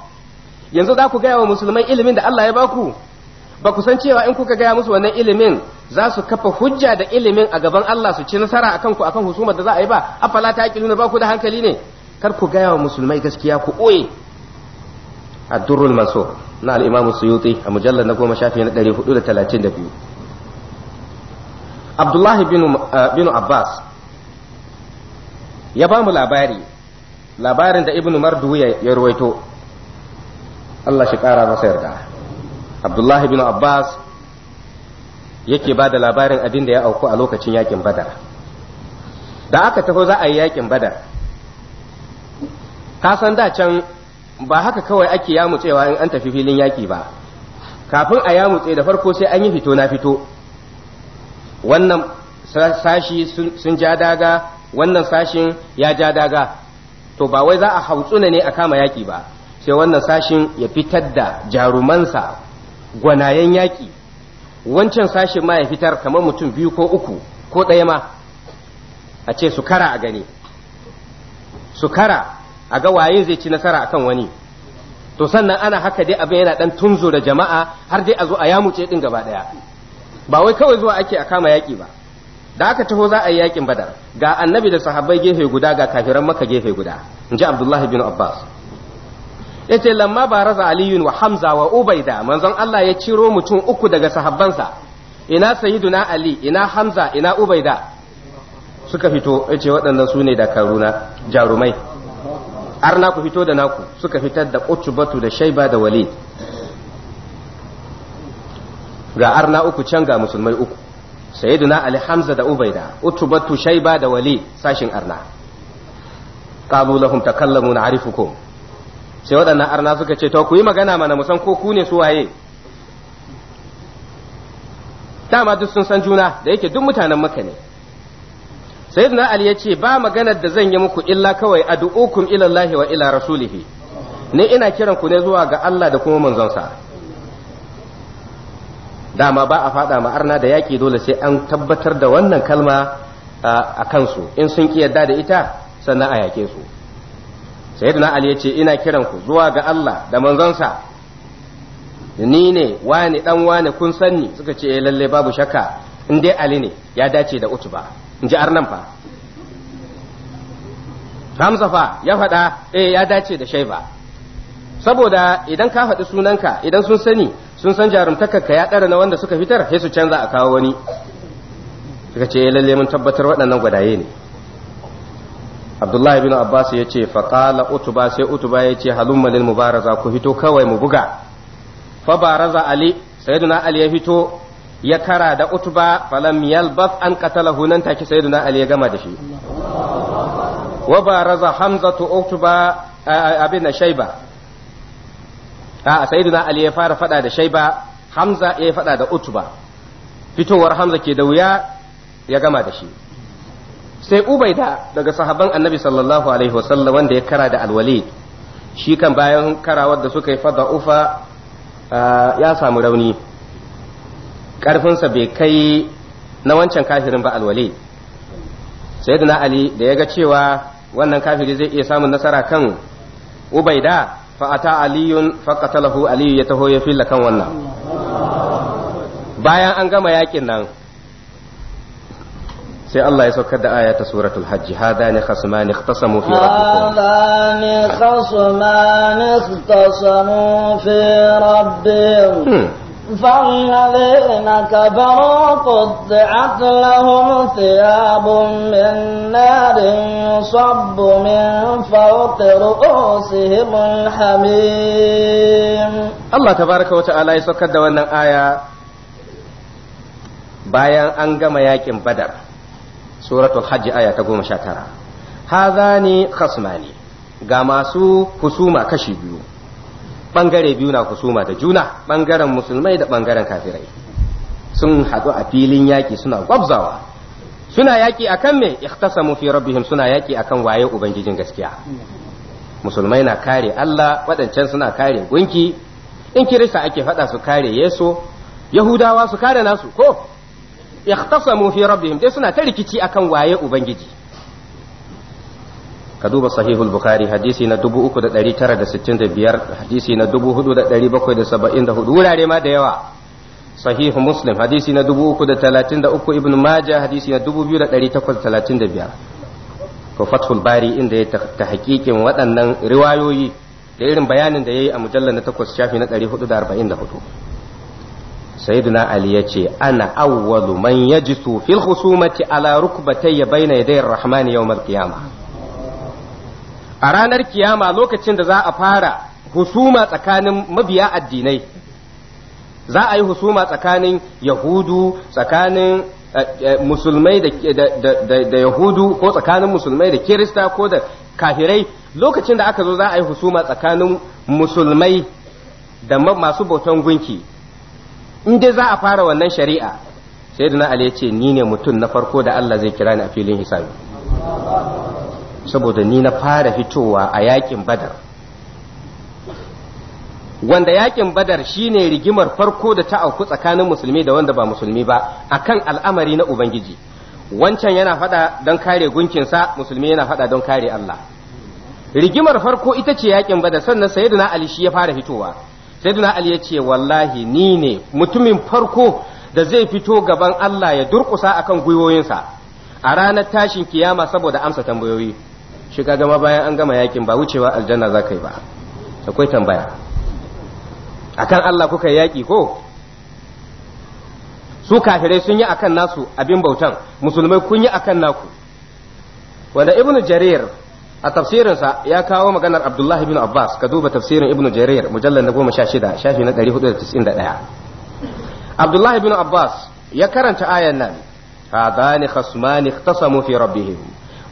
yanzu za ku gaya wa musulmai ilimin da Allah ya baku ba ku san cewa in kuka gaya musu wannan ilimin za su kafa hujja da ilimin a gaban Allah su ci nasara akan ku akan husumar da za a yi ba afala ta aqiluna ba ku da hankali ne kar ku gaya wa musulmai gaskiya ku oye ad-durrul mansur na al suyuti a mujallar na goma shafi na 432 abdullahi eh, bin abbas ya ba mu labari labarin da Ibn mardu ya ruwaito Allah shi kara masa yarda abdullahi bin abbas yake ba da labarin abin da ya auku a lokacin yakin badar da aka tafi za a yi yakin badar ka san da can ba haka kawai ake yamutsewa in an tafi filin yaki ba kafin a yamutse da farko sai an yi fito na fito wannan sashi sun ja daga wannan sashin ya ja daga to ba wai za a hautsuna ne a kama yaki ba sai wannan sashin ya fitar da jarumansa gwanayen yaƙi. wancan sashin ma ya fitar kamar mutum biyu ko uku ko ɗaya ma a ce su kara a gani su kara a ga waye zai ci nasara akan wani to sannan ana haka dai abin yana ɗan tunzo da jama'a har dai a zo a yamuce ɗin gaba ɗaya ba wai kawai zuwa ake a kama yaƙi ba da aka taho za a yi yaƙin badar ga annabi da sahabbai gefe guda ga kafiran maka gefe guda in ji abdullahi bin abbas ya ce lamma ba raza aliyun wa hamza wa ubaida manzon allah ya ciro mutum uku daga sahabbansa ina sayiduna ali ina hamza ina ubaida suka fito ya ce waɗannan su ne karuna jarumai har naku fito da naku suka fitar da utubatu da shaiba da walid ga arna uku can ga musulmai uku sayyiduna ali hamza da ubaida utubatu shaiba da wali sashin arna qalu lahum takallamu na'rifukum sai waɗannan arna suka ce to ku yi magana mana musan ko ku ne su waye dama duk sun san juna da yake duk mutanen maka ne sayyiduna ali ya ce ba maganar da zan yi muku illa kawai ad'ukum ila ilallahi wa ila rasulihi ne ina kiran ku ne zuwa ga Allah da kuma manzon sa dama ba a faɗa ma arna da yaki dole sai an tabbatar da wannan kalma a kansu in sun ki yadda da ita sannan a yake su sayyidina ali ya ce ina kiran ku zuwa ga Allah da manzonsa ni ne wani dan wani kun sanni suka ce eh, lalle babu shakka in dai ali ne ya dace da utuba in ji arnan fa Hamza fa ya faɗa eh ya dace da shaiba saboda idan ka faɗi sunanka idan sun sani sun san jarumtakar ka ya ɗara na wanda suka fitar sai su canza a kawo wani suka ce eh, lalle mun tabbatar waɗannan gwadaye ne abdullahi bin abbas ya ce faƙala utuba sai utuba ya ce halumma lil mubaraza ku fito kawai mu buga fa baraza ali sayyiduna ali ya fito ya kara da utuba falam bas an qatalahu nan take sayyiduna ali ya gama da shi wa baraza hamzatu utuba abin shaiba. a sayyiduna ali ya fara fada da shaiba hamza ya fada da utba fitowar hamza ke da wuya ya gama da shi sai ubaida daga sahabban annabi sallallahu alaihi wasallam wanda ya kara da alwalid shi kan bayan karawar da suka yi fada ufa ya samu rauni karfinsa bai kai na wancan kafirin ba alwalid sayyidina ali da ya ga cewa wannan kafiri zai iya samun nasara kan ubaida fa ata aliyun fa qatalahu aliyu ya taho ya filla kan wannan bayan an gama yaƙin nan sai Allah ya saukar da aya ta suratul hajj fi فالذين كفروا قطعت لهم ثياب من نار يصب من فوق رؤوسهم الحميم الله تبارك وتعالى يسكت دوانا آية bayan an gama yakin badar suratul hajji aya ta goma sha tara hazani kasmani, ga masu husuma kashi biyu bangare biyu na kusuma da juna bangaren musulmai da bangaren kafirai sun haɗu a filin yaki suna gwabzawa suna yaki akan me ikhtasamu fi rabbihim suna yaki akan waye ubangijin gaskiya musulmai na kare Allah waɗancan suna kare gunki in kirista ake faɗa su kare yeso yahudawa su kare nasu ko ikhtasamu fi rabbihim dai suna ta rikici akan waye ubangiji ka duba sahihul bukhari hadisi na 3965 hadisi na 4774 wurare ma da yawa sahihu muslim hadisi na 333 ibn majah hadisi na 2835 ko fathul bari inda ya ta hakikin waɗannan riwayoyi da irin bayanin da ya yi a mujallar na 8 shafi na 444 sayyiduna ali ya ce ana awwalu man yajisu fil khusumati ala rukbatayya bayna yaday ar-rahman yawm al-qiyamah a ranar kiyama lokacin da za a fara husuma tsakanin mabiya addinai za a yi husuma tsakanin yahudu tsakanin eh, eh, musulmai da yahudu ko tsakanin musulmai da kirista ko da kafirai lokacin da aka zo za a yi husuma tsakanin musulmai da masu bautan gunki in dai za a fara wannan shari'a sai da na ce ni ne mutum na farko da Allah zai kira ni a filin hisabi saboda ni na fara fitowa a yakin badar wanda yakin badar shine rigimar farko da ta auku tsakanin musulmi da wanda ba musulmi ba akan al'amari na ubangiji wancan yana fada don kare gunkinsa musulmi yana fada don kare Allah rigimar farko ita ce yakin badar sannan sayyidina ali shi ya fara fitowa sayyidina ali ya ce wallahi ni ne mutumin farko da zai fito gaban Allah ya durkusa akan gwiwoyinsa a ranar tashin kiyama saboda amsa tambayoyi shi ka gama bayan an gama yakin ba wucewa aljanna za ka yi ba akwai tambaya akan Allah kuka yaki ko su kafirai sun yi akan nasu abin bautan musulmai kun yi akan naku wanda ibnu jarir a tafsirinsa ya kawo maganar abdullahi bin abbas ka duba tafsirin ibnu jarir mujallar na goma sha shida shafi na ɗari hudu da tis'in da ɗaya abdullahi bin abbas ya karanta ayan nan hadani khasmani ikhtasamu fi rabbihim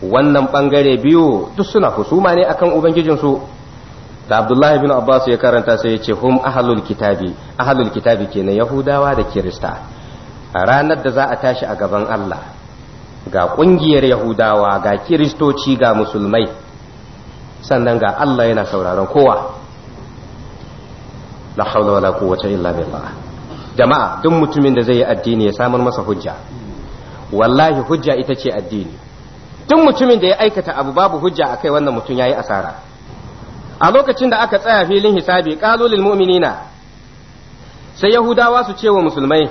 wannan bangare biyu duk suna husuma ne akan ubangijinsu da abdullahi bin abbas ya karanta sai ya ce hum ahlul kitabi ahlul kitabi kenan yahudawa da kirista ranar da za a tashi a gaban allah ga kungiyar yahudawa ga kiristoci ga musulmai sannan ga allah yana sauraron kowa la hawla wala quwwata illa billah jama'a duk mutumin da zai yi addini ya samar masa hujja wallahi hujja ita ce addini Tun mutumin da ya aikata abu babu hujja a kai wannan mutum ya yi asara a lokacin da aka tsaya filin hisabi kalolin mu'minina sai yahudawa su ce wa musulmai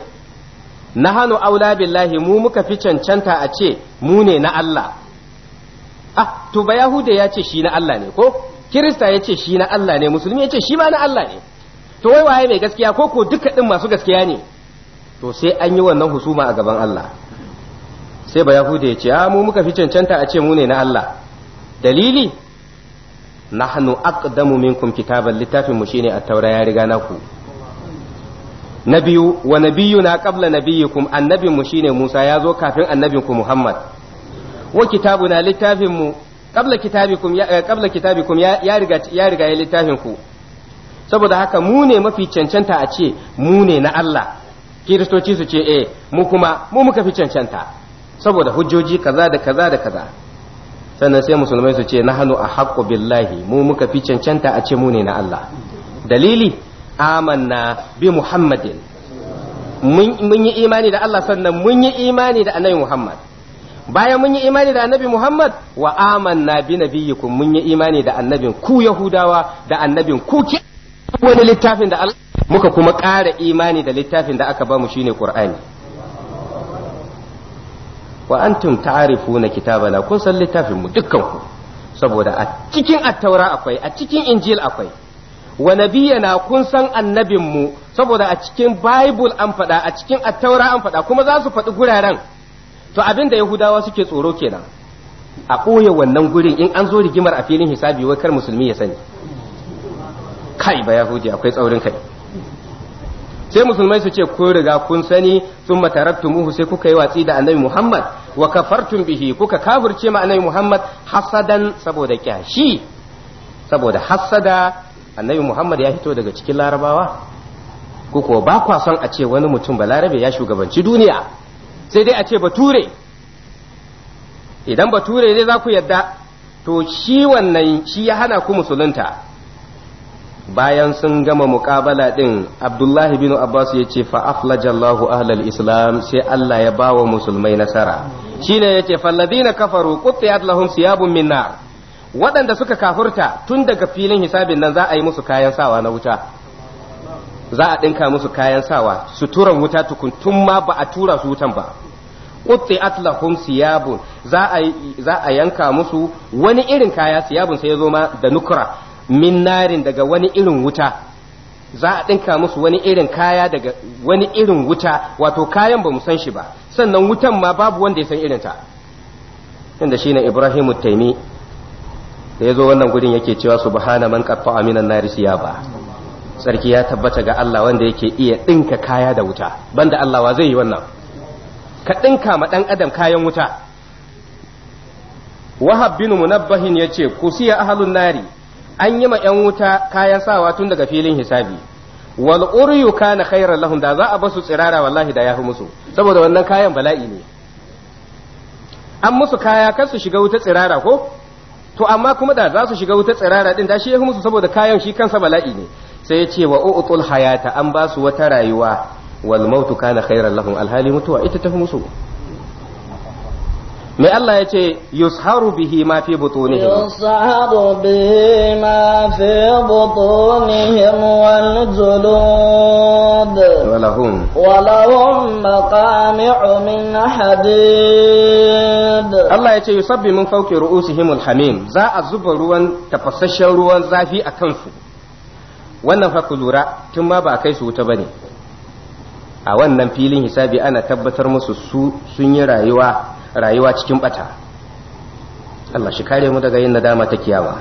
na nahanu aula billahi mu muka fi cancanta a ce mu ne na Allah ah to ba yahuda ya ce shi na Allah ne ko kirista ya ce shi na Allah ne musulmi ya ce shi ma na Allah ne to wai waye mai gaskiya ko ko duka din masu gaskiya ne to sai an yi wannan husuma a gaban Allah sai ba yahudu ya ce a ah, mu muka fi cancanta a ce mu ne na Allah dalili nahnu aqdamu minkum kitaban littafin mu shine at-taura ya riga naku na biyu wa nabiyuna qabla nabiyikum annabin mu shine Musa ya zo kafin annabin ku Muhammad wa kitabuna littafin mu qabla kitabikum eh, qabla kitabikum ya riga ya riga ya littafin ku saboda haka mu ne mafi cancanta a ce mu ne na Allah kiristoci su ce eh mu kuma mu muka fi cancanta saboda hujjoji kaza da kaza da kaza sannan sai musulmai su ce na hannu a haƙƙo billahi mu muka fi cancanta a ce mu ne na Allah dalili amanna bi muhammadin mun yi imani da Allah sannan mun yi imani da annabi Muhammad bayan mun yi imani da annabi Muhammad wa amanna bi nabiyyikum mun yi imani da annabin ku yahudawa da annabin ku ke wani littafin da Allah muka kuma ƙara imani da littafin da aka ba mu shine Qur'ani wa antum ta'rifuna kitabana kun san littafin mu dukkan ku saboda a cikin attaura akwai a cikin injil akwai wa nabiyana kun san annabin mu saboda a cikin bible an faɗa a cikin attaura an faɗa kuma za su faɗi guraren to abin da yahudawa suke tsoro kenan a ɓoye wannan gurin in an zo rigimar a filin hisabi wai kar musulmi ya sani kai ba yahudi akwai tsaurin kai sai musulmai su ce ku riga kun sani sun muhu sai kuka yi watsi da annabi Muhammad wa kafartum bihi kuka kafirce ma annabi Muhammad hasadan saboda kyashi saboda hasada annabi Muhammad ya fito daga cikin larabawa ko ba kwa son a ce wani mutum ba Larabe ya shugabanci duniya sai dai a ce bature idan bature ne za ku yadda to shi wannan shi ya hana ku musulunta bayan sun gama mukabala din abdullahi bin abbas ya ce fa'aflajallahu ahlal islam sai allah ya bawa musulmai nasara shine ya ce falladina kafaru kuttiyat lahum siyabun min waɗanda suka kafurta tun daga filin hisabin nan za a yi musu kayan sawa na wuta za a ɗinka musu kayan sawa suturan wuta tukun tun ma ba a tura su wutan ba qutti'at lahum siyabun za a yanka musu wani irin kaya siyabun sai ya zo ma da nukura. min narin daga wani irin wuta za a ɗinka musu wani irin kaya daga wani irin wuta wato kayan ba mu san shi ba sannan wutan ma babu wanda ya san irinta inda shi ne ibrahimu taimi da ya zo wannan gurin yake cewa subhana man qatta minan nari ba sarki ya tabbata ga Allah wanda yake iya ɗinka kaya da wuta banda Allah wa zai yi wannan ka ɗinka ma ɗan adam kayan wuta wahab bin munabbahin yace kusiya ahlun nari an yi ma yan wuta kayan sawa tun daga filin hisabi wal uryu kana khairan lahum da za a basu tsirara wallahi da yafi musu saboda wannan kayan bala'i ne an musu kaya kan su shiga wuta tsirara ko to amma kuma da za su shiga wuta tsirara din da shi yafi musu saboda kayan shi kansa bala'i ne sai ya ce wa utul hayata an basu wata rayuwa wal mautu kana khairan lahum alhali mutuwa ita tafi musu me Allah ya ce yusharu bihi ma fi butunihim yusharu bihi ma fi butunihim wal julud walahum walahum maqami'u min hadid Allah ya ce yusabbi min fawqi ru'usihim al hamim za a zuba ruwan tafasasshen ruwan zafi a kansu wannan fa kulura tun ma ba kai su wuta bane a wannan filin hisabi ana tabbatar musu su sun yi rayuwa rayuwa cikin bata Allah shi kare mu daga yin nadama ta kiyawa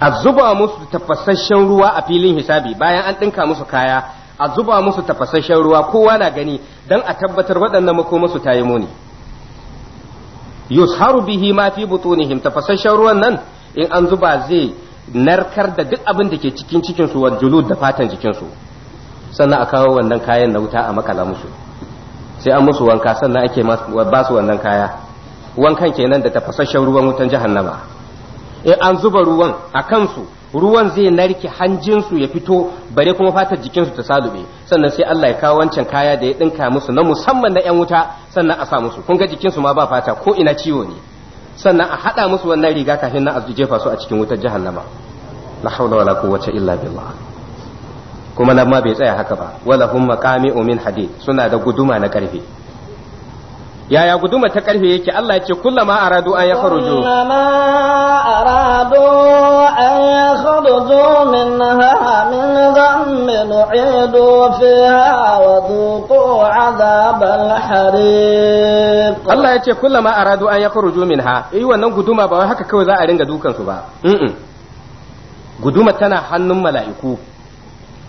a zuba musu tafasasshen ruwa a filin hisabi bayan an ɗinka musu kaya a zuba musu tafasasshen ruwa kowa na gani don a tabbatar waɗannan makomansu ta tayi muni yusharu bihi ma fi butunihim tafasasshen ruwan nan in an zuba zai narkar da duk abin da ke cikin cikinsu wa julud da fatan jikinsu sannan a kawo wannan kayan na wuta a makala musu sai an musu wanka sannan ake ba su wannan kaya wankan kenan da tafasasshen ruwan wutan jahannama in an zuba ruwan a kansu ruwan zai narke hanjinsu ya fito bare kuma fatar jikinsu ta salube sannan sai Allah ya kawo wancan kaya da ya dinka musu na musamman na yan wuta sannan a sa musu kun ga jikinsu ma ba fata ko ina ciwo ne sannan a haɗa musu wannan riga kafin na a jefa su a cikin wutar jahannama la hawla wala quwwata illa billah kuma nan ma bai tsaya haka ba wala walahum maqami'u min hadid suna da guduma na karfe yaya guduma ta karfe yake Allah ya ce kullama aradu an yakhruju kullama aradu an yakhruju minha min ghammin u'idu fiha wa dhuqu adhabal hariq Allah ya ce kullama aradu an yakhruju minha eh wannan guduma ba wai haka kawai za a ringa dukan su ba guduma tana hannun mala'iku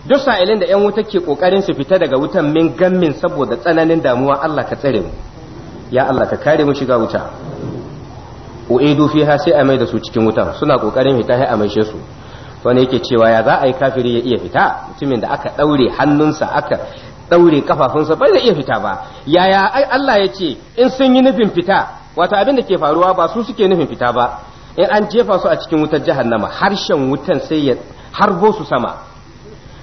duk sa'ilin da yan wuta ke kokarin su fita daga wutan min gammin saboda tsananin damuwa Allah ka tsare mu ya Allah ka kare mu shiga wuta uidu ha sai a mai da su cikin wutan suna kokarin fita sai a shesu su wani yake cewa ya za a yi kafiri ya iya fita mutumin da aka daure hannunsa aka daure kafafunsa bai zai iya fita ba yaya Allah ya ce in sun yi nufin fita wato abin da ke faruwa ba su suke nufin fita ba in an jefa su a cikin wutar jihar jahannama harshen wutan sai ya harbo su sama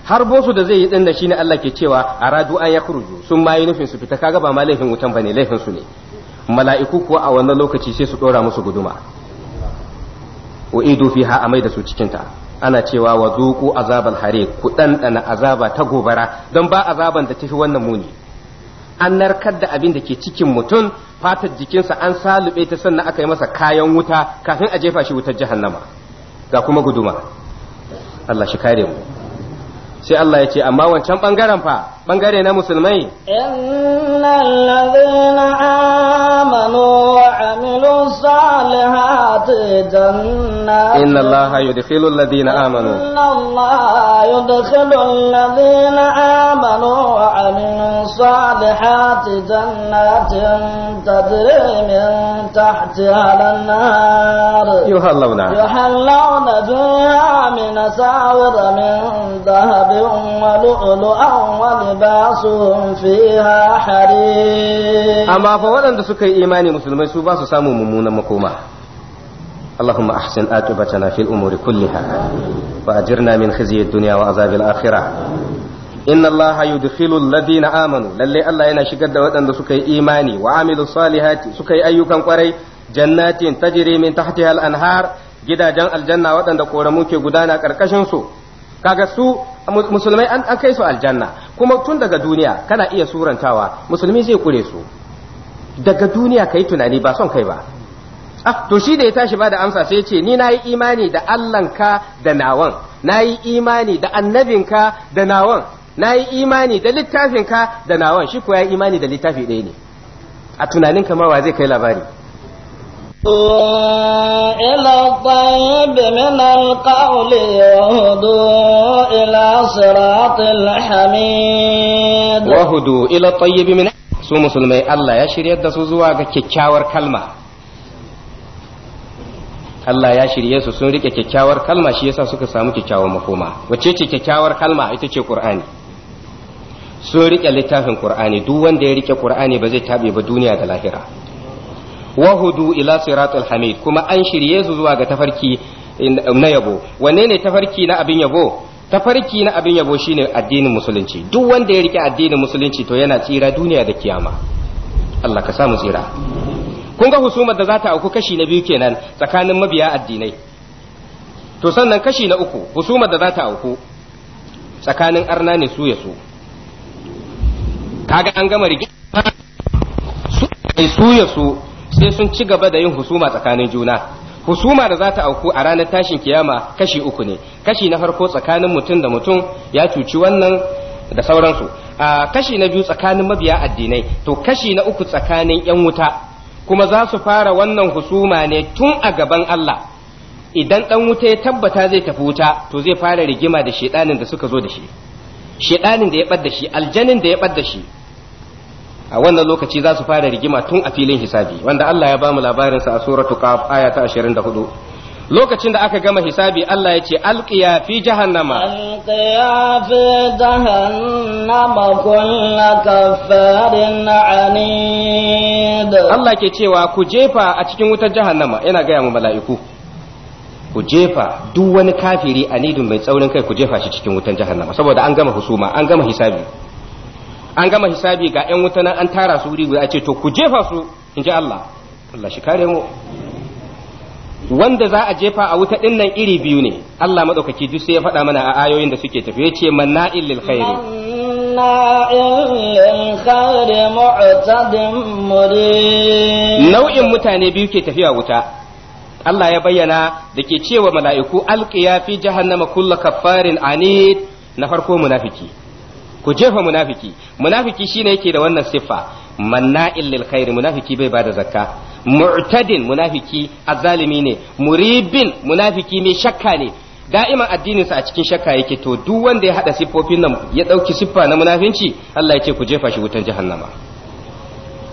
har bosu da zai yi din da shine Allah ke cewa aradu an yakhruju sun ma yi nufin su fita kaga ba ma laifin wutan bane laifin su ne mala'iku kuwa a wannan lokaci sai su dora musu guduma wa idu fiha amai da su cikin ta ana cewa wa zuqu azabal hare ku dandana azaba ta gobara don ba azaban da tafi wannan muni an narkar da abin da ke cikin mutum fatar jikinsa an salube ta sannan aka yi masa kayan wuta kafin a jefa shi wutar jahannama ga kuma guduma Allah shi kare mu sai Allah ya ce amma wancan bangaren fa bangare na musulmai innal ladhina amanu الصالحات جنات إن الله يدخل الذين آمنوا إن الله يدخل الذين آمنوا وعملوا الصالحات جنات تجري من تحتها الأنهار يحلون يحلون فيها من ساور من ذهب ولؤلؤا ولباسهم فيها حرير أما فوالد سكي إيماني مسلمين سوبا سسامو samu mummunan makoma اللهم أحسن آتبتنا في الأمور كلها وأجرنا من خزي الدنيا وعذاب الآخرة إن الله يدخل الذين آمنوا للي الله ينا شقد ودن سكي إيماني وعملوا الصالحات سكي أيوكا قري جنات تجري من تحتها الأنهار جدا جن الجنة ودن قورموك قدانا كركشنسو kaga su musulmai an kai su aljanna kuma tun daga duniya kana iya surantawa musulmi zai kure su daga duniya ka yi tunani ba son kai ba ah to shi da ya tashi ba da amsa sai ce ni nayi imani da ka da nawan nayi imani da annabinka da nawan nayi imani da littafinka da nawan shi ko ya yi imani da littafi ɗaya ne a tunaninka ma wa zai kai labari إلى الطيب من القول وهدوا إلى صراط الحميد وهدوا إلى الطيب من su musulmai Allah ya shiryar da su zuwa ga kyakkyawar kalma Allah ya shirye su sun rike kyakkyawar kalma shi yasa suka samu kyakkyawar makoma wace ce kyakkyawar kalma ita ce Qur'ani sun rike littafin Qur'ani duk wanda ya rike Qur'ani ba zai tabe ba duniya da lahira wahudu ila siratul hamid kuma an shirye su zuwa ga tafarki na yabo wanne ne tafarki na abin yabo tafarki na abin yabo shine addinin musulunci duk wanda ya rike addinin musulunci to yana tsira duniya da kiyama Allah ka samu tsira kun ga husumar da za ta auku kashi na biyu kenan tsakanin mabiya addinai to sannan kashi na uku husumar da za ta auku tsakanin arna ne su ya su kaga an gama rigima su ya su sai sun ci gaba da yin husuma tsakanin juna husuma da za ta auku a ranar tashin kiyama kashi uku ne kashi na farko tsakanin mutum da mutum ya cuci wannan da sauransu a kashi na biyu tsakanin mabiya addinai to kashi na uku tsakanin yan wuta kuma za su fara wannan husuma ne tun a gaban Allah idan dan wuta ya tabbata zai tafi wuta to zai fara rigima da shedanin da suka zo da shi shedanin da ya bar da shi aljanin da ya bar da shi a wannan lokaci za su fara rigima tun a filin hisabi wanda Allah ya bamu mu labarin sa a suratu qaf aya ta 24 lokacin da aka gama hisabi Allah ya ce alqiya fi jahannama alqiya fi jahannama kullu kafarin anid Allah ke cewa ku jefa a cikin wutar jahannama yana gaya mu mala'iku ku jefa duk wani kafiri anidun mai tsaurin kai ku jefa shi cikin wutar jahannama saboda an gama husuma an gama hisabi an gama hisabi ga yan wuta nan an tara su wuri guda ce to ku jefa su in ji Allah Allah shi kare mu wanda za a jefa a wuta din nan iri biyu ne Allah madaukaki duk sai ya faɗa mana a ayoyin da suke tafiye ce manna'il lil khairi nau'in mutane biyu ke tafiya wuta Allah ya bayyana da ke cewa mala'iku alƙiya fi jahannama kulla kaffarin anid na farko munafiki ku jefa munafiki munafiki shine yake da wannan siffa manna'il lil khair munafiki bai bada zakka mu'tadin munafiki azzalimi ne muribin munafiki mai shakka ne addinin addininsa a cikin shakka yake to duk wanda ya hada siffofin nan ya dauki siffa na munafinci Allah ya ce ku jefa shi wutan jahannama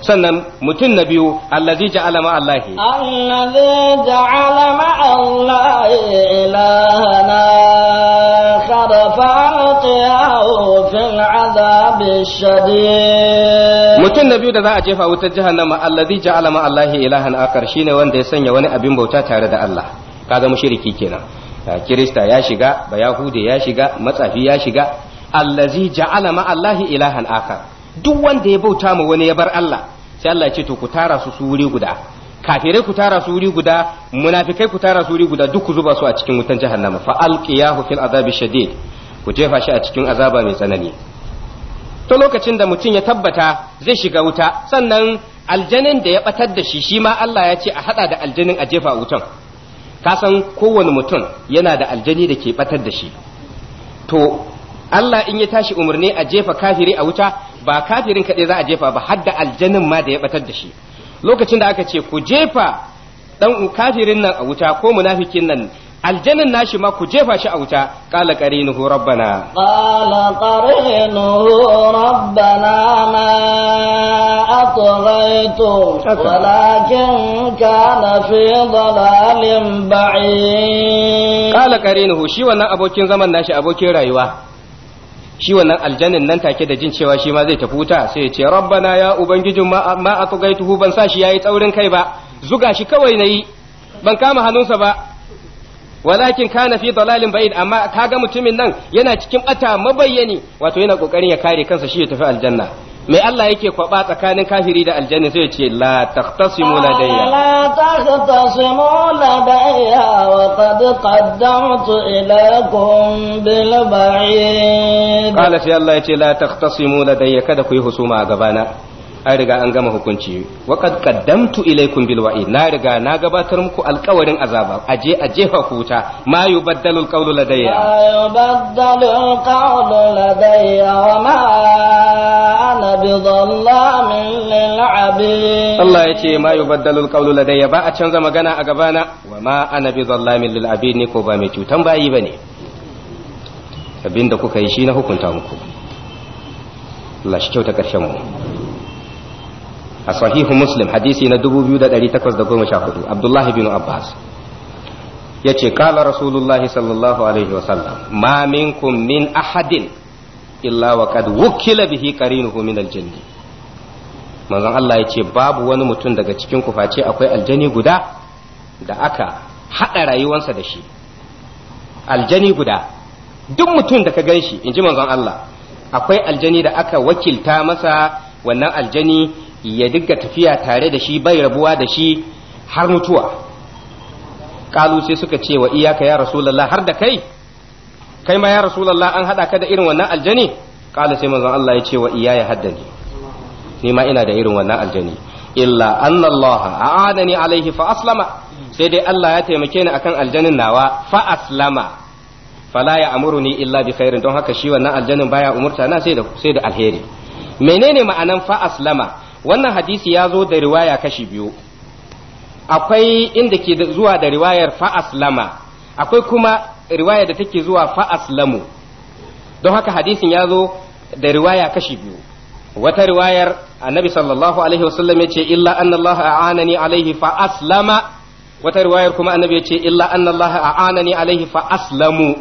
sannan mutum na biyu allazi ja'ala ma allahi allazi ja'ala ma allahi ilaha na kharafa فطغوا في العذاب الشديد mutum na biyu da za a jefa wutar jahannama allazi ja'ala ma allahi ilahan akar shine wanda ya sanya wani abin bauta tare da Allah kaga mushriki kenan kirista ya shiga bayahude ya shiga matsafi ya shiga allazi ja'ala ma allahi ilahan akar duk wanda ya bauta ma wani ya bar Allah sai Allah ya ce to ku tara su su wuri guda kafirai ku tara su wuri guda munafikai ku tara su wuri guda duk ku zuba su a cikin wutan jahannama fa alqiyahu fil azabi shadid ku jefa shi a cikin azaba mai tsanani ta lokacin da mutum ya tabbata zai shiga wuta sannan aljanin da ya batar da shi shi ma Allah ya ce a hada da aljanin a jefa wutan ka san kowane mutum yana da aljani da ke batar da shi to Allah in ya tashi umarni a jefa kafiri a wuta ba kafirin kaɗai za a jefa ba har da aljanin ma da ya batar da shi lokacin da aka ce ku jefa dan kafirin nan a wuta ko munafikin nan aljanin nashi ma ku jefa shi a wuta qala qarinuhu rabbana qala qarinuhu rabbana ma atghaytu walakin kana fi dalalin ba'id qala qarinuhu shi wannan abokin zaman nashi abokin rayuwa shi wannan aljanin nan take da jin cewa shi ma zai tafi wuta sai ya ce rabbana ya ubangijin ma a atghaytu ban sa shi yayi tsaurin kai ba zuga shi kawai nayi ban kama hannunsa ba walakin kana fi dalalin ba'id amma kaga mutumin nan yana cikin bata mabayyani wato yana kokarin ya kare kansa shi ya tafi aljanna mai Allah yake kwaba tsakanin kafiri da aljanna sai ya ce la taqtasimu ladayya la taqtasimu ladayya wa qad qaddamtu ilaykum bil ba'id qala sai Allah ya ce la taqtasimu ladayya kada ku yi husuma a gabana an riga an gama hukunci wa kad qaddamtu ilaykum bil wa'id na riga na gabatar muku alƙawarin azaba aje aje fa huta ma yubaddalu al qawlu ladayya ma yubaddalu al qawlu ladayya wa ma ana bi dhallamin lil abid Allah yace ma yubaddalu al qawlu ladayya ba a canza magana a gabana wa ma ana bi dhallamin lil abid ne ko ba mai cutan bayi bane abinda kuka yi shi na hukunta muku Allah shi kyauta ƙarshen mu a sahihu muslim hadisi na 2814 abdullahi bin abbas yace kala rasulullahi sallallahu alaihi wasallam ma minkum min ahadin illa wa qad wukila bihi qarinuhu min aljanni manzon Allah yace babu wani mutum daga cikin ku face akwai aljani guda da aka hada rayuwansa da shi aljani guda duk mutum da ka gan shi in ji manzon Allah akwai aljani da aka wakilta masa wannan aljani ya diga tafiya tare da shi bai rabuwa da shi har mutuwa kalu sai suka ce wa iyaka ya rasulullah har da kai kai ma ya rasulullah an hada ka da irin wannan aljani kala sai manzon Allah ya ce wa iyaya haddani ni ma ina da irin wannan aljani illa anna Allah a'adani alaihi fa aslama sai dai Allah ya taimake ni akan aljanin nawa fa aslama fala ya amuruni illa bi khairin don haka shi wannan aljanin baya umurta na sai da sai da alheri menene ma'anan fa aslama wannan hadisi ya zo da riwaya kashi biyu akwai inda ke zuwa da riwayar fa'aslama akwai kuma riwaya da take zuwa fa'aslamu don haka hadisin ya zo da riwaya kashi biyu wata riwayar annabi sallallahu alaihi wasallam ya ce illa annallaha a'anani alaihi fa'aslama wata riwayar kuma annabi ya ce illa annallaha a'anani alaihi fa'aslamu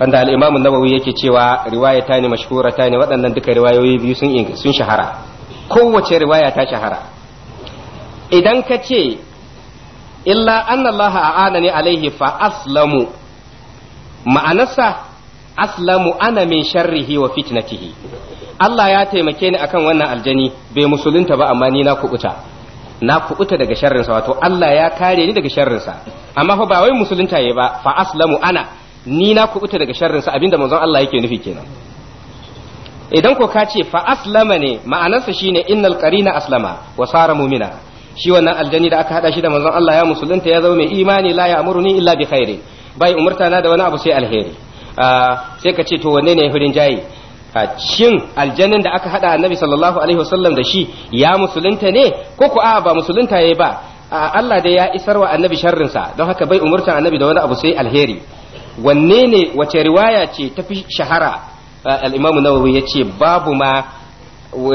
wanda al'imamin nabawi yake cewa riwaya ta ne ta ne waɗannan duka riwayoyi biyu sun sun shahara kowace riwaya ta shahara idan ka ce illa annallaha Allah ne alaihi fa aslamu ma'anarsa aslamu ana min sharrihi wa fitnatihi Allah ya taimake ni akan wannan aljani bai musulunta ba amma ni na kubuta na kubuta daga sharrinsa wato Allah ya kare ni daga sharrinsa amma fa ba wai musulunta yayi ba fa aslamu ana ni na kubuta daga sharrin sa abinda manzon Allah yake nufi kenan idan ko ka ce fa aslama ne ma'anarsa shine innal qarina aslama wa sara mu'mina shi wannan aljani da aka hada shi da manzon Allah ya musulunta ya zama mai imani la ya'muruni illa bi khairin bai umurta na da wani abu sai alheri ah, sai ka ce to wanne ne hurin jayi ah, shin aljanin da aka hada annabi sallallahu alaihi wasallam da shi ya musulunta ne ko ku a ba musulunta yayi ba ah, Allah da ya isar wa annabi sharrinsa don haka bai umurta annabi da wani abu sai alheri wanne ne wace riwaya ce tafi shahara al-imamu ya yace babu ma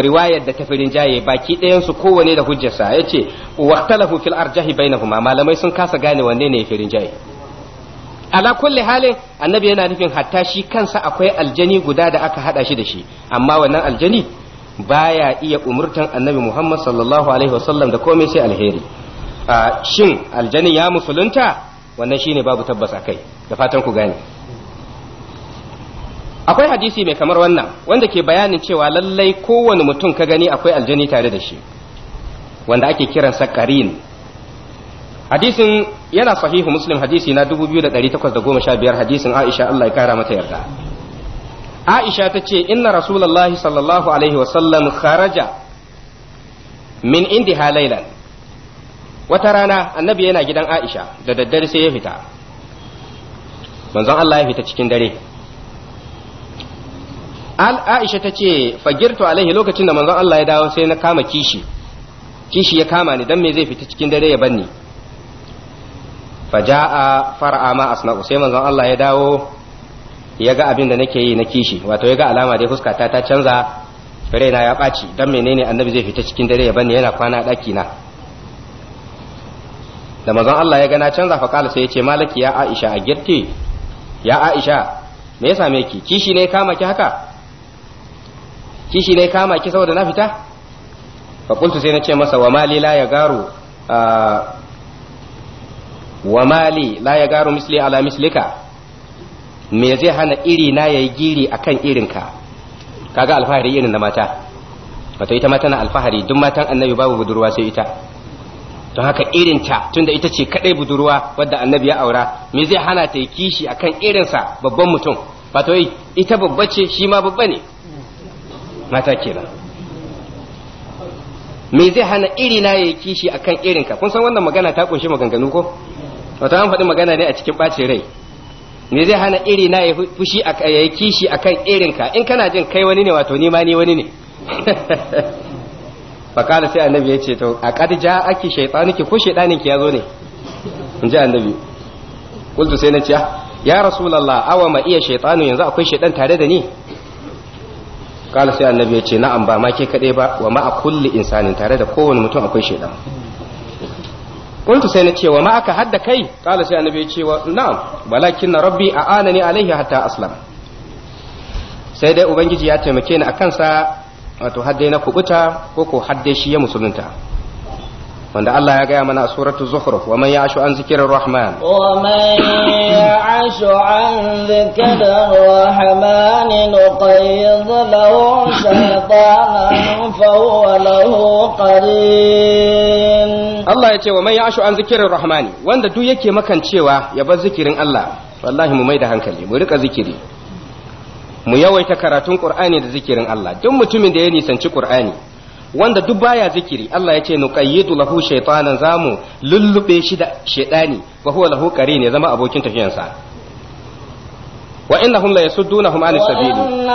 riwayar da tafi rinjaye baki ɗayansu kowane da hujjarsa ya ce waqtalafu fil arjahi bainahuma malamai sun kasa gane wanne ne yafi rinjaye ala kulli halin annabi yana nufin hatta shi kansa akwai aljani guda da aka hada shi da shi amma wannan aljani baya iya umurtan annabi Muhammad sallallahu alaihi wasallam da komai sai alheri shin aljani ya musulunta wannan shine babu tabbas akai da fatan ku gane akwai hadisi mai kamar wannan wanda ke bayanin cewa lallai kowane mutum ka gani akwai aljani tare da shi wanda ake sa karin hadisin yana sahihu muslim hadisi na 2815 hadisin aisha Allah ya kara mata yarda aisha ta ce inna rasulullahi sallallahu alaihi wasallam kharaja min indi halailan wata rana annabi yana gidan aisha da daddare sai ya fita manzon Allah ya fita cikin dare aisha ta ce fagirtu alaihi lokacin da manzon Allah ya dawo sai na kama kishi kishi ya kama ni dan me zai fita cikin dare ya banni faja'a far'a ma asna'u sai manzon Allah ya dawo ya ga abin da nake yi na kishi wato ya ga alama dai fuskata ta canza raina ya ɓaci dan menene annabi zai fita cikin dare ya banni yana kwana a ɗaki na da mazan Allah ya gana canza fa kala sai ya ce malaki ya Aisha a girte ya Aisha me ya same ki kishi ne kama ki haka kishi ne kama ki saboda na fita fa kuntu sai na ce masa wa mali la ya garu wa mali la ya garu misli ala mislika me zai hana iri na yayi giri akan irinka kaga alfahari irin da mata wato ita ma tana alfahari duk matan annabi babu budurwa sai ita don haka irinta tunda ita ce kadai budurwa wadda annabi ya aura me zai hana ta yi kishi akan irinsa babban mutum ba to ita babba ce shi ma babba ne mata kenan me zai hana iri na yi kishi akan irinka kun san wannan magana ta kunshi maganganu ko wato an faɗi magana ne a cikin ɓacin rai me zai hana iri na ya fushi ya kishi akan irinka in kana jin kai wani ne wato ni ma ni wani ne fakala sai annabi ya ce to a ja aki shaytanuki ko ya yazo ne in ji annabi kultu sai na ce ya rasulullah awa ma iya shaytanu yanzu akwai shaytan tare da ni kala sai annabi ya ce na'am ba ma ke kade ba wa ma a kulli insanin tare da kowane mutum akwai shaytan kuntu sai na ce wa ma aka hadda kai kala sai annabi ya ce wa na'am walakin rabbi a'anani alaihi hatta aslam sai dai ubangiji ya taimake ni akan sa wato hadde na kubuta ko ko hadde shi ya musulunta wanda Allah ya gaya mana a suratul zukhruf wa man ya'shu an zikrir rahman wa man ya'shu an zikrir rahman nuqayyid lahu shaytanan fa huwa lahu qarin Allah ya ce wa man ya'shu an zikrir rahman wanda duk yake makancewa ya bar zikirin Allah wallahi mu mai da hankali mu rika zikiri mu yawaita karatun qur'ani da zikirin Allah duk mutumin da ya nisanci qur'ani wanda duk baya zikiri Allah ya ce nuqayyidu lahu shaytanan zamu lullube shi da shaytani wa huwa lahu qarin ya zama abokin tafiyansa وإنهم ليصدونهم عن السبيل وإنهم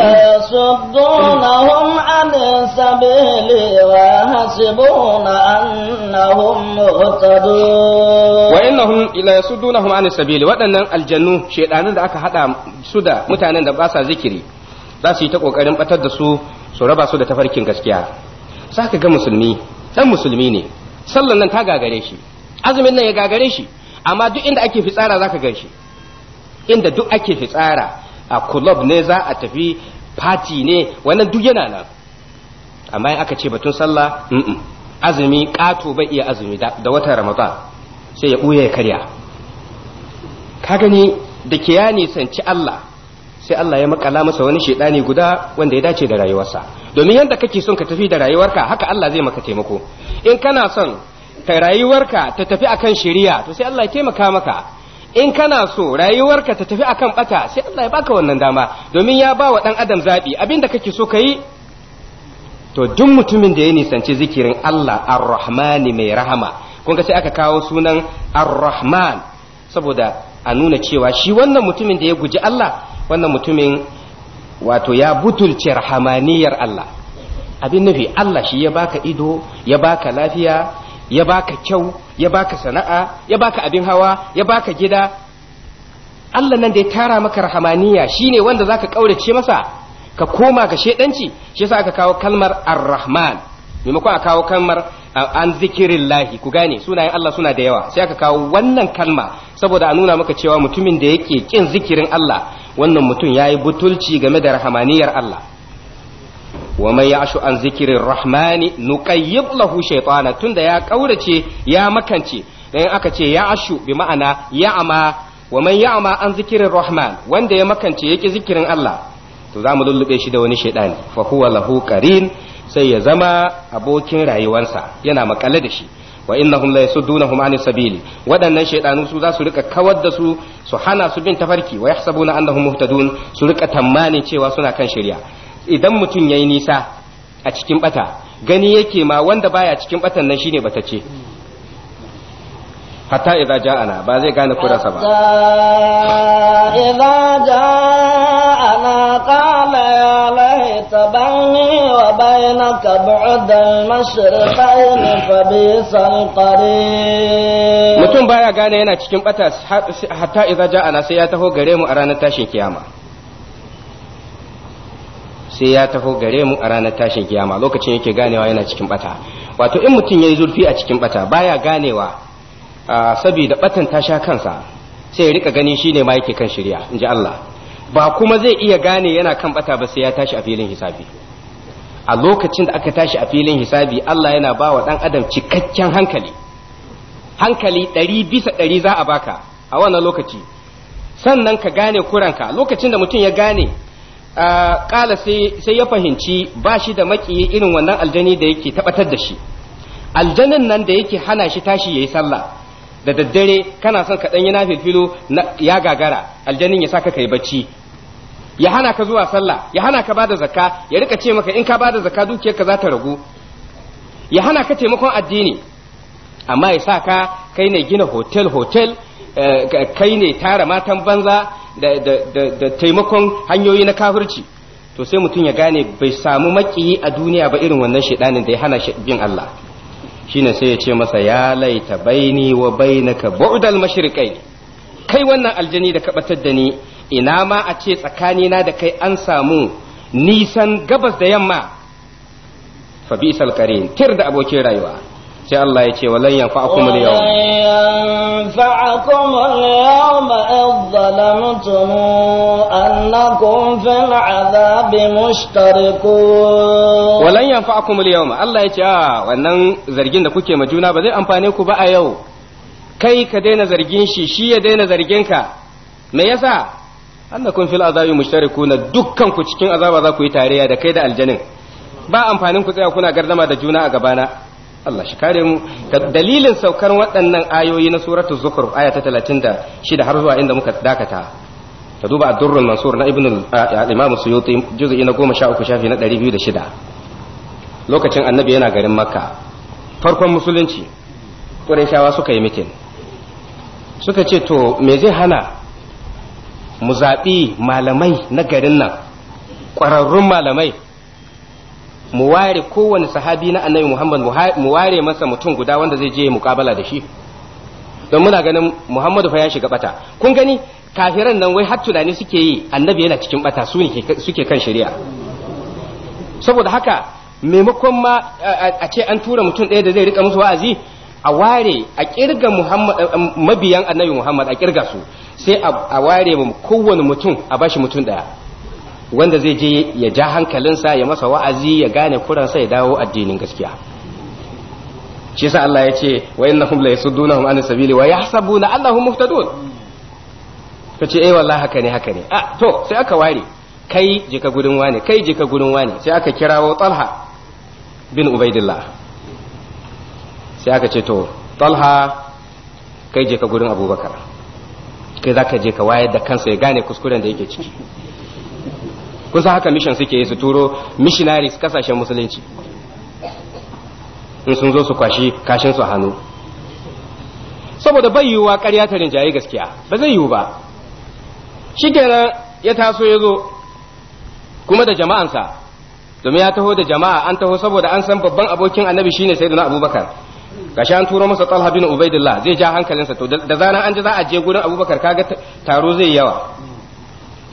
ليصدونهم عن السبيل ويحسبون أنهم مهتدون وإنهم ليصدونهم عن السبيل وأن الجنو شيطان da aka haɗa su da mutanen da ba zikiri za su yi ta kokarin batar da su su raba su da tafarkin gaskiya za ga musulmi ɗan musulmi ne sallan nan ta gagare shi azumin nan ya gagare shi amma duk inda ake fitsara za ka gan shi inda duk ake fi tsara a kulob ne za a tafi fati ne wannan duk yana nan amma in aka ce batun sallah azumi kato bai iya azumi da watan ramadan sai ya ɓuya ya karya ka gani da ke ya nisanci Allah sai Allah ya makala masa wani shedani guda wanda ya dace da rayuwarsa domin yadda kake son ka tafi da rayuwarka haka Allah zai maka taimako in kana son ta rayuwarka ta tafi akan shari'a to sai Allah ya taimaka maka in kana so rayuwarka ta tafi akan bata sai Allah ya baka wannan dama domin ya ba wa dan adam zabi abinda kake so kayi to duk mutumin da ya nisanci zikirin Allah ar-Rahmani mai rahama kun ga sai aka kawo sunan ar-Rahman saboda a nuna cewa shi wannan mutumin da ya guji Allah wannan mutumin wato ya butulce rahamaniyar Allah abin nufi Allah shi ya baka ido ya baka lafiya ya baka kyau ya baka sana'a ya baka abin hawa ya baka gida Allah nan da ya tara maka rahamaniya shine wanda zaka kaurace masa ka koma ga shedanci shi yasa aka kawo kalmar ar-rahman maimakon a kawo kalmar an zikirin lahi ku gane sunayen Allah suna da yawa sai aka kawo wannan kalma saboda a nuna maka cewa mutumin da yake kin zikirin Allah wannan mutum yayi butulci game da rahamaniyar Allah wa man ya'shu an zikirin rahmani nuqayyib lahu shaytana tunda ya ƙaurace ya makance dan aka ce ya'shu bi ma'ana ya'ama wa man ya'ama an zikirin rahman wanda ya makance ya yake zikirin Allah to zamu lullube shi da wani shaytani fa huwa lahu qarin sai ya zama abokin rayuwarsa yana makale da shi wa innahum la yasuddunahum anis sabili waɗannan shaydanu su za su rika kawar da su su hana su bin tafarki wa yahsabuna annahum muhtadun su rika tammanin cewa suna kan shirya. idan mutum ya yi nisa a cikin bata gani yake ma wanda baya cikin batan nan shine ce. hatta idza ja'ana ba zai gane kurasa ba idza ja'ana qala ya laita bani wa bainaka bu'd al-mashriqayn fa bi mutum baya gane yana cikin bata hatta idza ja'ana sai ya taho gare mu a ranar tashin kiyama sai ya taho gare mu a ranar tashin kiyama lokacin yake ganewa yana cikin bata wato in mutum ya yi zurfi a cikin bata baya ganewa saboda batan ta sha kansa sai ya rika gani shine ma yake kan shirya in ji Allah ba kuma zai iya gane yana kan bata ba sai ya tashi a filin hisabi a lokacin da aka tashi a filin hisabi Allah yana ba wa dan adam cikakken hankali hankali ɗari bisa ɗari za a baka a wannan lokaci sannan ka gane kuranka lokacin da mutum ya gane kala sai ya fahimci ba shi da makiyi irin wannan aljani da yake tabatar da shi aljanin nan da yake hana shi tashi yayi sallah da daddare kana son ka ɗanyi na ya gagara aljanin ya saka kai bacci ya hana ka zuwa sallah ya hana ka bada zakka ya rika ce maka in ka bada zakka dukiyarka za ta ragu ya hana ka taimakon addini amma ya sa ka kai ne gina hotel hotel kai ne tara matan banza da taimakon hanyoyi na kafirci to sai mutum ya gane bai samu makiyi a duniya ba irin wannan shaidanin da ya hana bin Allah shine sai ya ce masa ya laita baini wa bainaka bu'dal mashriqai kai wannan aljani da kabatar da ni ina ma a ce na da kai an samu nisan gabas da yamma fa bisal tir da abokin rayuwa sai Allah ya ce walan yanfa'akum al-yawm yanfa'akum al-yawm idh zalamtum annakum Allah ya ce a ah, wannan zargin da kuke ma ba zai amfane ku ba a yau kai ka daina zargin shi shi ya daina zargin ka me yasa annakum fil azabi mushtarikuna dukkan ku cikin azaba za ku yi tarayya da kai da aljanin ba amfanin ku tsaya kuna gardama da juna a gabana Allah shi kare mu dalilin saukar waɗannan ayoyi na suratul zukur aya ta 36 har zuwa inda muka dakata ka duba a durrul mansur na ibnu al-imam suyuti juz'i na 13 shafi na 206 lokacin annabi yana garin makka farkon musulunci qurayshawa suka yi mitin suka ce to me zai hana mu zaɓi malamai na garin nan ƙwararrun malamai mu ware kowane sahabi na annabi Muhammad mu ware masa mutum guda wanda zai je mukabala da shi don muna ganin Muhammadu fa ya shiga bata kun gani kafiran nan wai har tunani suke yi annabi yana cikin bata su ne suke kan shari'a saboda haka maimakon ma a ce an tura mutum ɗaya da zai rika musu wa'azi a ware a kirga mabiyan annabi Muhammad a kirga su sai a ware kowane mutum a bashi mutum ɗaya wanda zai je ya ja hankalinsa ya masa wa'azi ya gane kuransa ya dawo addinin gaskiya shi yasa Allah ya ce wa innahum la yasuddunahum an sabili wa yahsabuna annahum muhtadun ce eh wallahi haka ne haka ne A ah, to sai aka ware kai je ka gudun ne kai je ka gudun ne sai aka kirawo Talha bin Ubaidillah sai aka ce to Talha kai je ka gudun Abubakar kai zaka je ka wayar da kansa ya gane kuskuren da yake ciki kun haka mission suke su turo missionaries kasashen musulunci in sun zo su kwashi kashin su a hannu saboda bai yiwuwa ƙarya ta rinjaye gaskiya ba zai yiwu ba shi kenan ya taso ya zo kuma da jama'ansa domin ya taho da jama'a an taho saboda an san babban abokin annabi shine na abubakar gashi an turo masa talha bin ubaidillah zai ja hankalinsa to da zaran an ji za a je gurin abubakar kaga taro zai yawa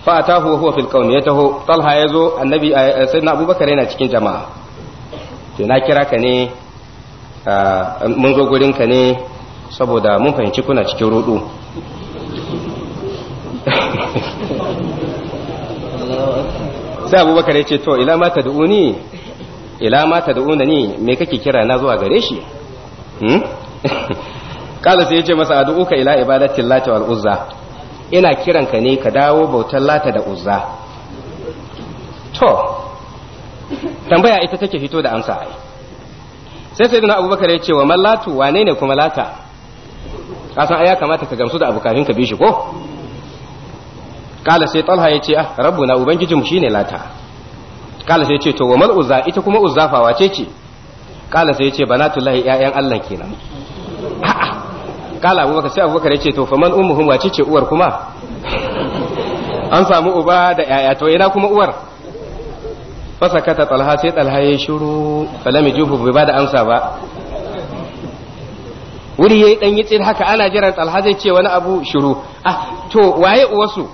fa atahu wa huwa fil kawn ya taho talha ya zo annabi eh, eh, sayyidina abubakar yana cikin jama'a to na kira ka ne ah, mun zo gurin ka ne saboda mun fahimci kuna cikin rudu sai abubakar ya ce to ila ma tad'uni ila ma tad'unani me kake kira na zuwa gare shi hmm? Kada sai ya ce masa ad'uka ila ibadati llati wal uzza ina kiranka ne ka dawo bautar lata da uzza to tambaya ita take fito da amsa ai sai sai abubakar ya ce wa mallatu wane ne kuma lata kasan ai ya kamata ka gamsu da abu kafin ka bi shi ko kala sai talha ya ce ah rabbuna ubangijinmu shine lata kala sai ya ce to wa mal uzza ita kuma uzza fa wace ce kala sai ya ce banatullahi 'ya'yan Allah kenan a'a kala abubakar sai abubakar ya ce to faman ummuhum wace ce uwar kuma an samu uba da yaya to ina kuma uwar kata talha sai talha ya shiru falam juhu bai bada amsa ba wuri yayi dan yitsin haka ana jiran talha zai ce wani abu shiru ah to waye uwarsu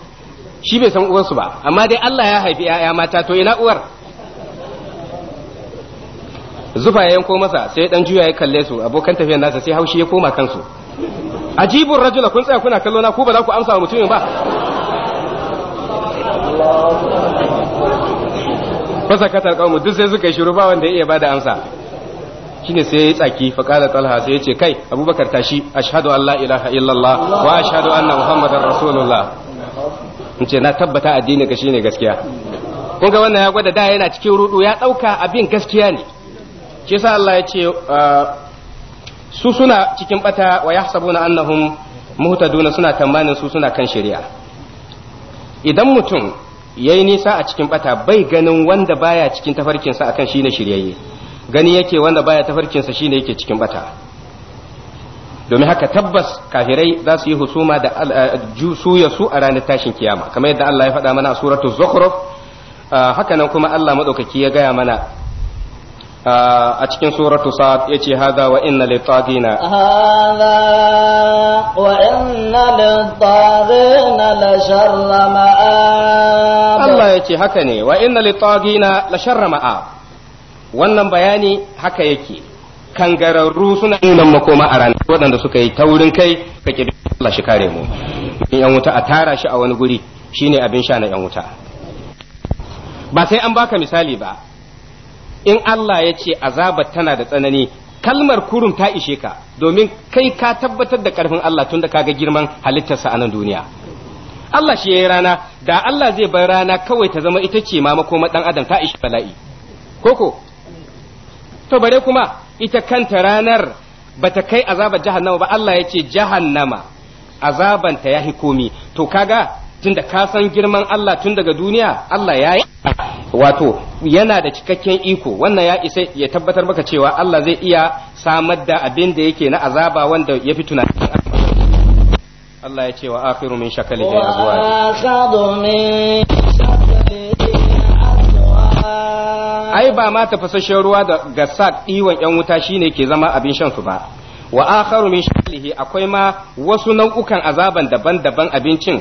shi bai san uwarsu ba amma dai Allah ya haifi yaya mata to ina uwar zufa ya yanko masa sai dan juya ya kalle su abokan tafiyar nasa sai haushi ya koma kansu ajibun rajula kun tsaya kuna kallo na ku ba za ku amsa mutumin ba fasa katar kawo duk sai suka yi shiru ba wanda ya iya bada amsa shine sai ya tsaki fa talha sai yace kai abubakar tashi ashhadu an la ilaha illallah wa ashhadu anna muhammadar rasulullah ce na tabbata addini ka shine gaskiya kun ga wannan ya gwada da yana cikin rudu ya dauka abin gaskiya ne shi yasa Allah ya ce ah, su suna cikin bata wa yahsabuna annahum muhtaduna suna tamanin su suna kan shari'a idan mutum ya yi nisa a cikin bata bai ganin wanda baya cikin tafarkinsa akan shine shiryayye gani yake wanda baya tafarkinsa shi ne yake cikin bata domin haka tabbas kafirai za su yi husuma da eh, suya su a ranar tashin kiyama kamar yadda Allah ya faɗa mana a suratul zukhruf ah, haka nan kuma Allah maɗaukaki ya gaya mana a cikin suratu sa'ad yace hada wa inna tagina hada wa inna lit-tagina la sharra ma'a Allah yace haka ne wa inna lit-tagina la sharra wannan bayani haka yake kangararru suna nan makoma a ranar waɗanda suka yi taurin kai ka ƙi Allah shi kare mu in yan wuta a tara shi a wani guri shine abin sha na yan wuta ba sai an baka misali ba in Allah ya ce azabar tana da tsanani kalmar kurum ta ishe ka domin kai ka tabbatar da karfin Allah tun da kaga girman halittarsa a nan duniya Allah shi yayi rana da Allah zai bar rana kawai ta zama ita ce ma makoma dan adam ta ishe bala'i koko to bare kuma ita kanta ranar bata kai azabar jahannama ba Allah ya ce jahannama azabanta hi komi to kaga tunda ka san girman Allah tun daga duniya Allah ya yi wato yana da cikakken iko wannan ya isa ya tabbatar maka cewa Allah zai iya samar da abin da yake na azaba wanda ya fi tunani Allah ya ce wa akhiru min shakali da zuwa. ai ba ma tafasashen ruwa da sa iwon yan wuta shine ke zama abin shan su ba wa akharu min shaklihi akwai ma wasu nau'ukan azaban daban-daban abincin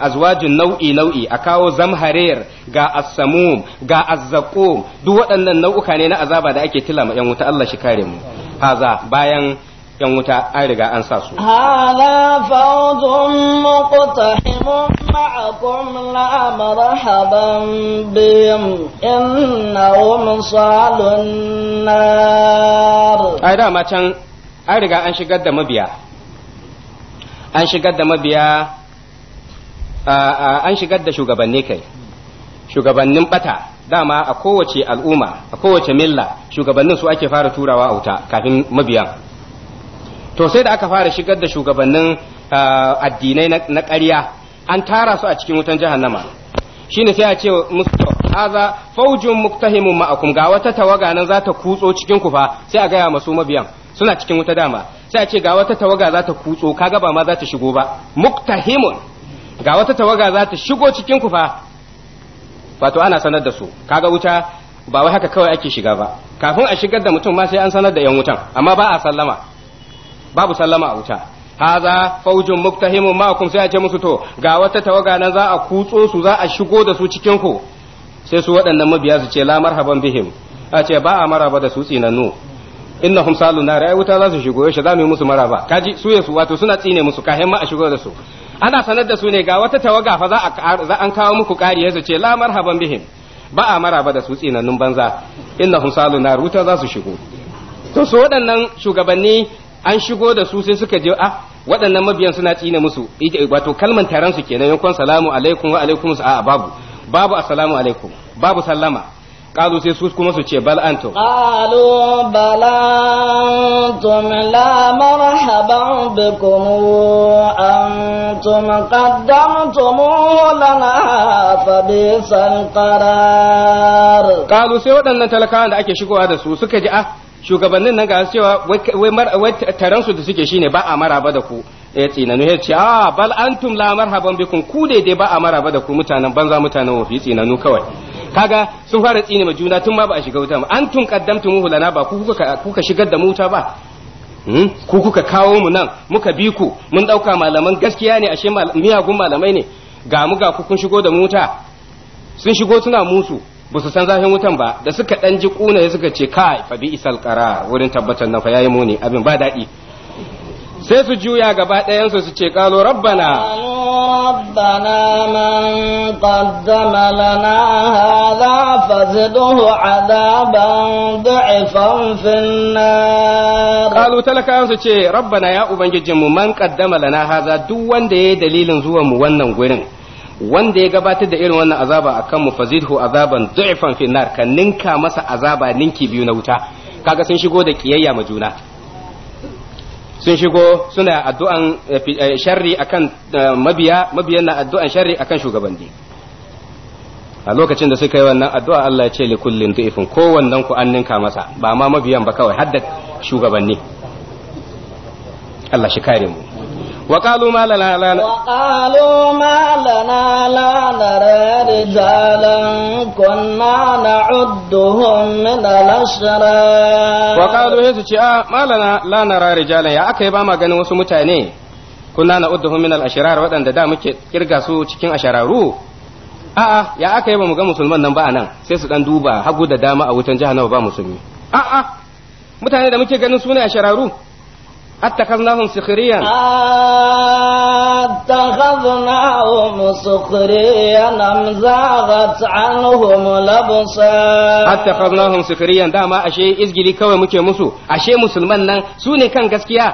azwajin nau'i nau'i a kawo zamharir ga as-samum ga az-zaqum duk waɗannan nau'uka ne na azaba da ake tilama yan wuta Allah shi kare mu haza bayan yan wuta an riga an sa su hala fawzun muqtahimun ma'akum la marhaban bihim innahum salun nar ai ma can an riga an shigar da mabiya an shigar da mabiya an shigar da shugabanni kai shugabannin bata dama a kowace al'umma a kowace milla shugabannin su ake fara turawa a wuta kafin mabiyan to sai da aka fara shigar da shugabannin addinai na ƙarya an tara su a cikin wutan jahannama shine sai a ce musu haza faujun muktahimun ma'akum ga wata tawaga nan za ta kutso cikin kufa sai a gaya masu mabiyan suna cikin wuta dama sai a ce ga wata tawaga za ta kutso kaga ba ma za ta shigo ba muktahimun ga wata tawaga za ta shigo cikin ku fa wato ana sanar da su kaga wuta ba wai haka kawai ake shiga ba kafin a shigar da mutum ma sai an sanar da yan wutan amma ba a sallama babu sallama a wuta haza faujun muktahimun kun sai a ce musu to ga wata tawaga nan za a kutso su za a shigo da su cikin ku sai su waɗannan mabiya su ce la marhaban bihim a ce ba a maraba da su tsinannu hum salu nar ai wuta za su shigo yaushe za mu yi musu maraba kaji su ya su wato suna tsine musu kahin ma a shigo da su ana sanar da su ne ga wata tawaga fa za an kawo muku kari yasu ce la marhaban bihim ba a maraba da su tsinannun banza hum salu nar wuta za su shigo to su waɗannan shugabanni an shigo da su sai suka je a ah, waɗannan mabiyan suna tsine musu wato kalman taron su kenan yankon salamu alaikum wa alaikum a babu babu assalamu alaikum babu sallama قالوا سي سوس كما سوچه بل انتم قالوا بل انتم لا مرحبا بكم انتم قدمتموه لنا فبئس القرار قالوا سي waɗannan talakawa da ake shigowa da su suka ji ah shugabannin nan ga cewa wai taransu da suke shine ba a maraba da ku ya nanu ya ce a ah, bal antum la marhaban bikum ku daidai ba a maraba da ku mutanen banza mutanen wafi nu kawai kaga sun fara tsine ma juna tun ma ba a shiga wuta ba antum qaddamtumuhu lana ba ku kuka kuka shigar da muta ba hmm? ku kuka kawo mu nan muka bi ku mun dauka malaman gaskiya ne ashe miyagun malamai ne ga mu ga ku kun shigo da muta sun shigo suna musu ba su san zafin wutan ba da suka ɗan ji kuna ya suka ce kai fa bi isal qarar wurin tabbatar nan fa yayi muni abin ba daɗi sai su juya gaba ɗayansu su ce kalo rabbana rabbana man qaddama lana ce rabbana ya ubangijin mu man qaddama lana hadha duk wanda yayi dalilin zuwan mu wannan gurin wanda ya gabatar da irin wannan azaba akan mu fazidhu azaban du'fan fin ka ninka masa azaba ninki biyu na wuta kaga sun shigo da kiyayya ma juna sun shigo suna addu'an eh, eh, sharri akan eh, mabiya mabiyan na addu'an sharri akan shugabanni a lokacin da suka yi wannan addu'a Allah ya ce li kullin du'ifin wannan ku an ninka masa ba ma mabiyan ba kawai hadda shugabanni Allah shi kare mu وقالوا ما لنا لا وقالوا ما لنا لا نرى رجالا كنا نعدهم من الأشرار وقالوا هذا تشاء ما لنا لا نرى رجالا يا أكي باما غني سمتاني كنا نعدهم من الأشرار ودن دا muke kirga su cikin ashararu a'a ya aka yi ba mu ga musulman nan ba nan sai su dan duba hagu da dama a wutan jahannama ba musulmi a'a mutane da muke ganin su ne a shararu أتخذناهم سخريا أتخذناهم سخريا أم زاغت عنهم الأبصار أتخذناهم سخريا داما أشي إزجلي كوي مكي مسو أشي مسلمان نان سوني كان gaskiya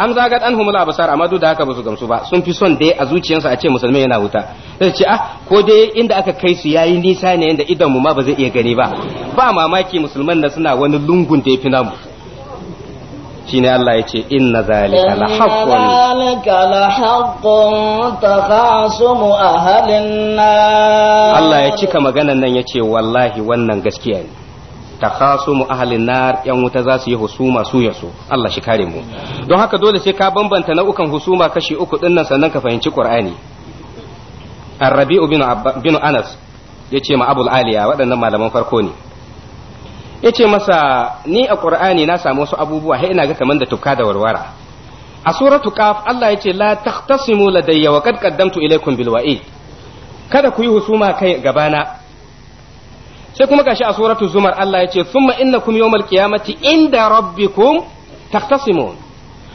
an zagat an humula basar amma duk da haka basu su gamsu ba sun fi son dai a zuciyarsa a ce musulmai yana wuta sai ce ko dai inda aka kai su yayi nisa ne inda idan mu ma ba zai iya gani ba ba mamaki musulman na suna wani lungun da yafi namu shine Allah ya ce inna zalika la haqqun zalika la haqqun takhasumu ahlin nar Allah ya cika maganan nan yace wallahi wannan gaskiya ne takhasumu ahlin nar yan wuta za su yi husuma su yaso Allah shi kare mu don haka dole sai ka bambanta nau'ukan husuma kashi uku din nan sannan ka fahimci Qur'ani rabiu bin Anas yace ma Abul Aliya waɗannan malaman farko ne ya ce masa ni a ƙur'ani na samu wasu abubuwa sai ina ga kamar da tufka da warwara a suratu qaf Allah ya ce la tahtasimu ladayya wa qad qaddamtu ilaykum bil wa'id kada ku yi husuma kai gabana sai kuma gashi a suratu zumar Allah ya ce thumma innakum yawmal qiyamati inda rabbikum tahtasimun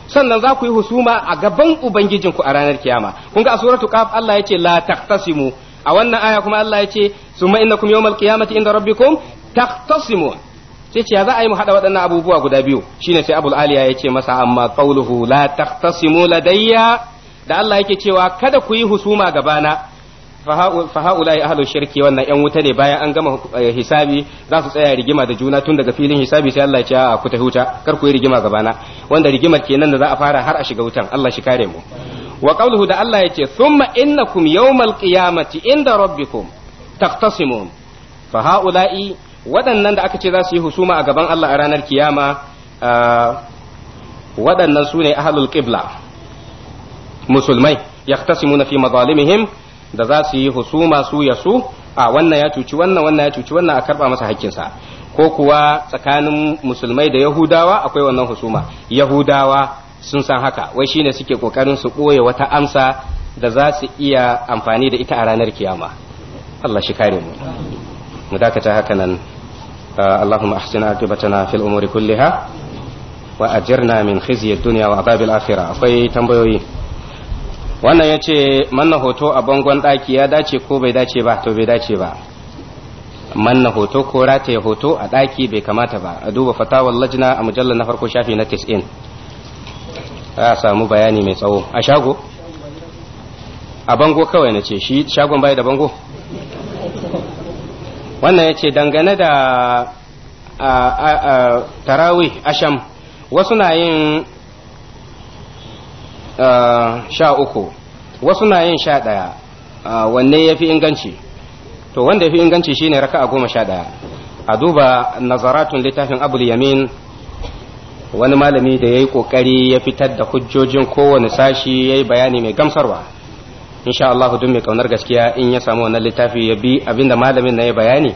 sannan za ku yi husuma a gaban ubangijinku a ranar kiyama kun ga a suratu qaf Allah ya ce la tahtasimu a wannan aya kuma Allah ya ce thumma innakum yawmal qiyamati inda rabbikum tahtasimun sai ce ya za a yi mu haɗa waɗannan abubuwa guda biyu shine sai abul aliya ya ce masa amma qauluhu la taqtasimu ladayya da Allah yake cewa kada ku yi husuma gabana fa haula ahlu shirki wannan yan wuta ne bayan an gama eh, hisabi za su tsaya rigima da juna tun daga filin hisabi sai Allah ya ce a ku ta huta kar ku yi rigima gabana wanda rigimar kenan da za a fara har a shiga wutan Allah shi kare mu wa qawluhu da Allah yace thumma innakum yawmal qiyamati inda rabbikum taqtasimun fa haula'i waɗannan da aka ce za su yi husuma a gaban Allah a ranar kiyama waɗannan su ne ahlul qibla musulmai na fi mazalimihim da za su yi husuma su ya su a wannan ya cuci wannan wannan ya cuci wannan a karba masa hakkinsa ko kuwa tsakanin musulmai da yahudawa akwai wannan husuma yahudawa sun san haka wai shine suke kokarin su ɓoye wata amsa da za su iya amfani da ita a ranar kiyama Allah shi kare mu mu dakata haka nan اللهم احسن عاقبتنا في الامور كلها واجرنا من خزي الدنيا وعذاب الاخره akwai tambayoyi wannan ya ce manna hoto a bangon ɗaki ya dace ko bai dace ba to bai dace ba manna hoto ko rataye hoto a ɗaki bai kamata ba a duba fatawar lajina a mujallar na farko shafi na 90 a samu bayani mai tsawo a shago a bango kawai na ce shi shagon bai da bango wannan yace dangane da tarawih asham wasu na yin sha uku wasu na yin sha ɗaya wanne ya fi inganci to wanda ya fi inganci shine raka'a goma sha ɗaya a duba nazaratun littafin abul yamin wani malami da ya yi ƙoƙari ya fitar da hujjojin kowane sashi ya yi bayani mai gamsarwa insha Allah duk mai kaunar gaskiya in ya samu wannan littafi ya bi abinda malamin na ya bayani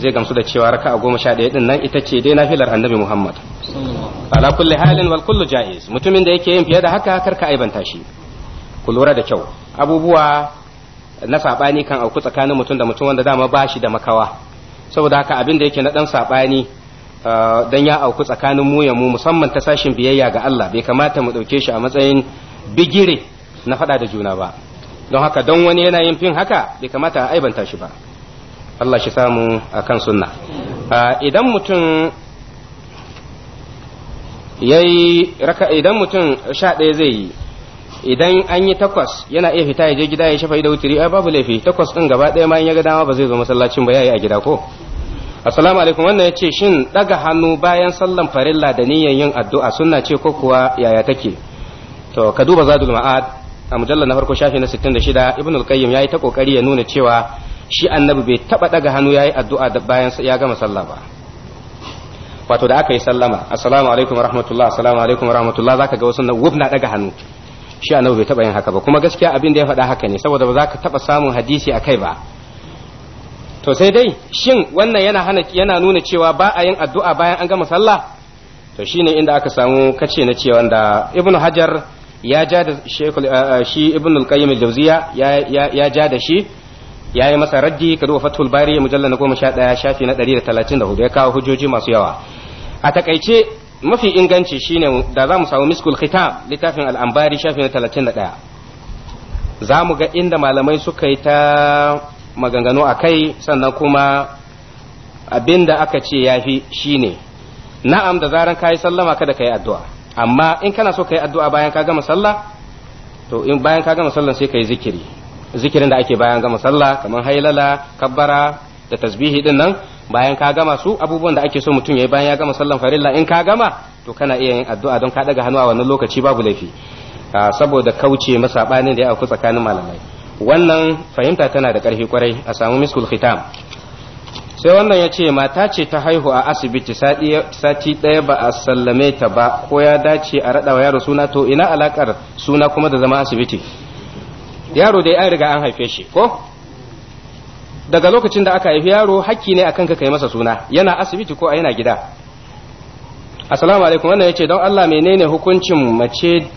zai gamsu da cewa raka a goma sha ɗaya ɗin nan ita ce dai nafilar annabi Muhammad ala kulli halin wal kullu jaiz mutumin da yake yin fiye da haka kar ka aibanta shi ku lura da kyau abubuwa na sabani kan auku tsakanin mutum da mutum wanda dama ba shi da makawa saboda haka abin da yake na dan sabani uh, dan ya auku tsakanin mu ya mu musamman ta sashin biyayya ga Allah bai kamata mu ɗauke shi a matsayin bigire na faɗa da juna ba don haka don wani yana yin fin haka bai kamata a aibanta shi ba Allah shi samu a kan sunna idan mutum yayi raka idan mutum sha ɗaya zai yi idan an yi takwas yana iya fita ya je gida ya shafa da wutiri ai babu laifi takwas ɗin gaba ɗaya ma in ya ga dama ba zai zo masallacin ba yayi a gida ko assalamu alaikum wannan ce shin daga hannu bayan sallan farilla da niyyar yin addu'a sunna ce ko kuwa yaya take to ka duba zadul ma'ad a mujallar na farko shafi na 66 ibn al-qayyim yayi ta kokari ya nuna cewa shi annabi bai taba daga hannu yayi addu'a da bayan ya gama sallah ba wato da aka yi sallama assalamu alaikum warahmatullahi assalamu alaikum warahmatullahi zaka ga wasu na wub na daga hannu shi annabi bai taba yin haka ba kuma gaskiya abin da ya faɗa haka ne saboda ba za ka taba samun hadisi a kai ba to sai dai shin wannan yana hana yana nuna cewa ba a yin addu'a bayan an gama sallah to shine inda aka samu kace na cewa da ibnu hajar ya ja da eh, eh, shi ibn al-qayyim al-jawziya ya ja da shi ya yi masa raddi ka duba fathul bari mujalla na goma sha ɗaya shafi na ɗari ya kawo hujjoji masu yawa a takaice mafi inganci shine da za mu samu miskul khitam littafin al'ambari shafi na talatin da ɗaya za mu ga inda malamai suka yi ta maganganu a kai sannan kuma abin da aka ce ya fi shine na'am da zaran ka yi sallama kada ka yi addu'a amma in kana so ka yi addu'a bayan ka gama sallah to in bayan ka gama sallah sai ka yi zikiri zikirin da ake bayan gama sallah kamar hailala kabbara da tasbihi din nan bayan ka gama su abubuwan da ake so mutum ya yi bayan ya gama sallan farilla in ka gama to kana iya yin addu'a don ka daga hannu a wannan lokaci babu laifi ah, saboda kauce masabanin da ya auku tsakanin malamai wannan fahimta tana da ƙarfi kwarai a samu miskul khitam sai wannan ya ce mata ce ta haihu a asibiti sati ɗaya ba a sallame ta ba ko ya dace a raɗawa yaro suna to ina alaƙar suna kuma da zama asibiti yaro dai an riga an haife shi ko daga lokacin da aka haifi yaro hakki ne akan ka kai masa suna yana asibiti ko a yana gida assalamu alaikum wannan yace don Allah menene hukuncin mace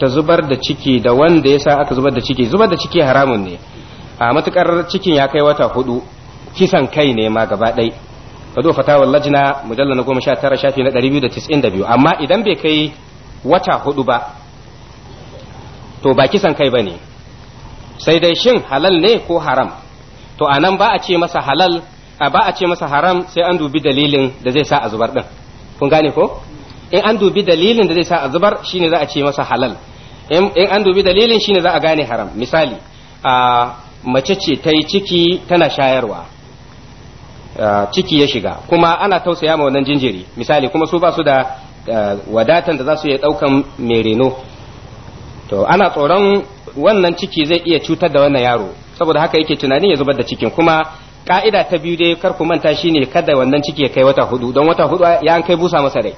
ta zubar da ciki da wanda yasa aka zubar da ciki zubar da ciki haramun ne a matukar cikin ya kai wata hudu kisan kai ne ma gaba ɗai ka zo fatawar lajina mujallar na goma sha tara shafi na ɗari biyu da tis'in da biyu amma idan bai kai wata hudu ba to ba kisan kai ba ne sai dai shin halal ne ko haram to a nan ba a ce masa halal a ba a ce masa haram sai an dubi dalilin da zai sa a zubar ɗin kun gane ko in an dubi dalilin da zai sa a zubar shine za a ce masa halal in an dubi dalilin shine za a gane haram misali a mace ce ta yi ciki tana shayarwa ciki ya shiga kuma ana tausaya ma wannan jinjiri misali kuma su ba su da wadatan da za su iya daukan mai to ana tsoron wannan ciki zai iya cutar da wannan yaro saboda haka yake tunanin ya zubar da cikin kuma ka'ida ta biyu dai kar ku manta shine kada wannan ciki ya kai wata hudu don wata hudu ya an kai busa masa rai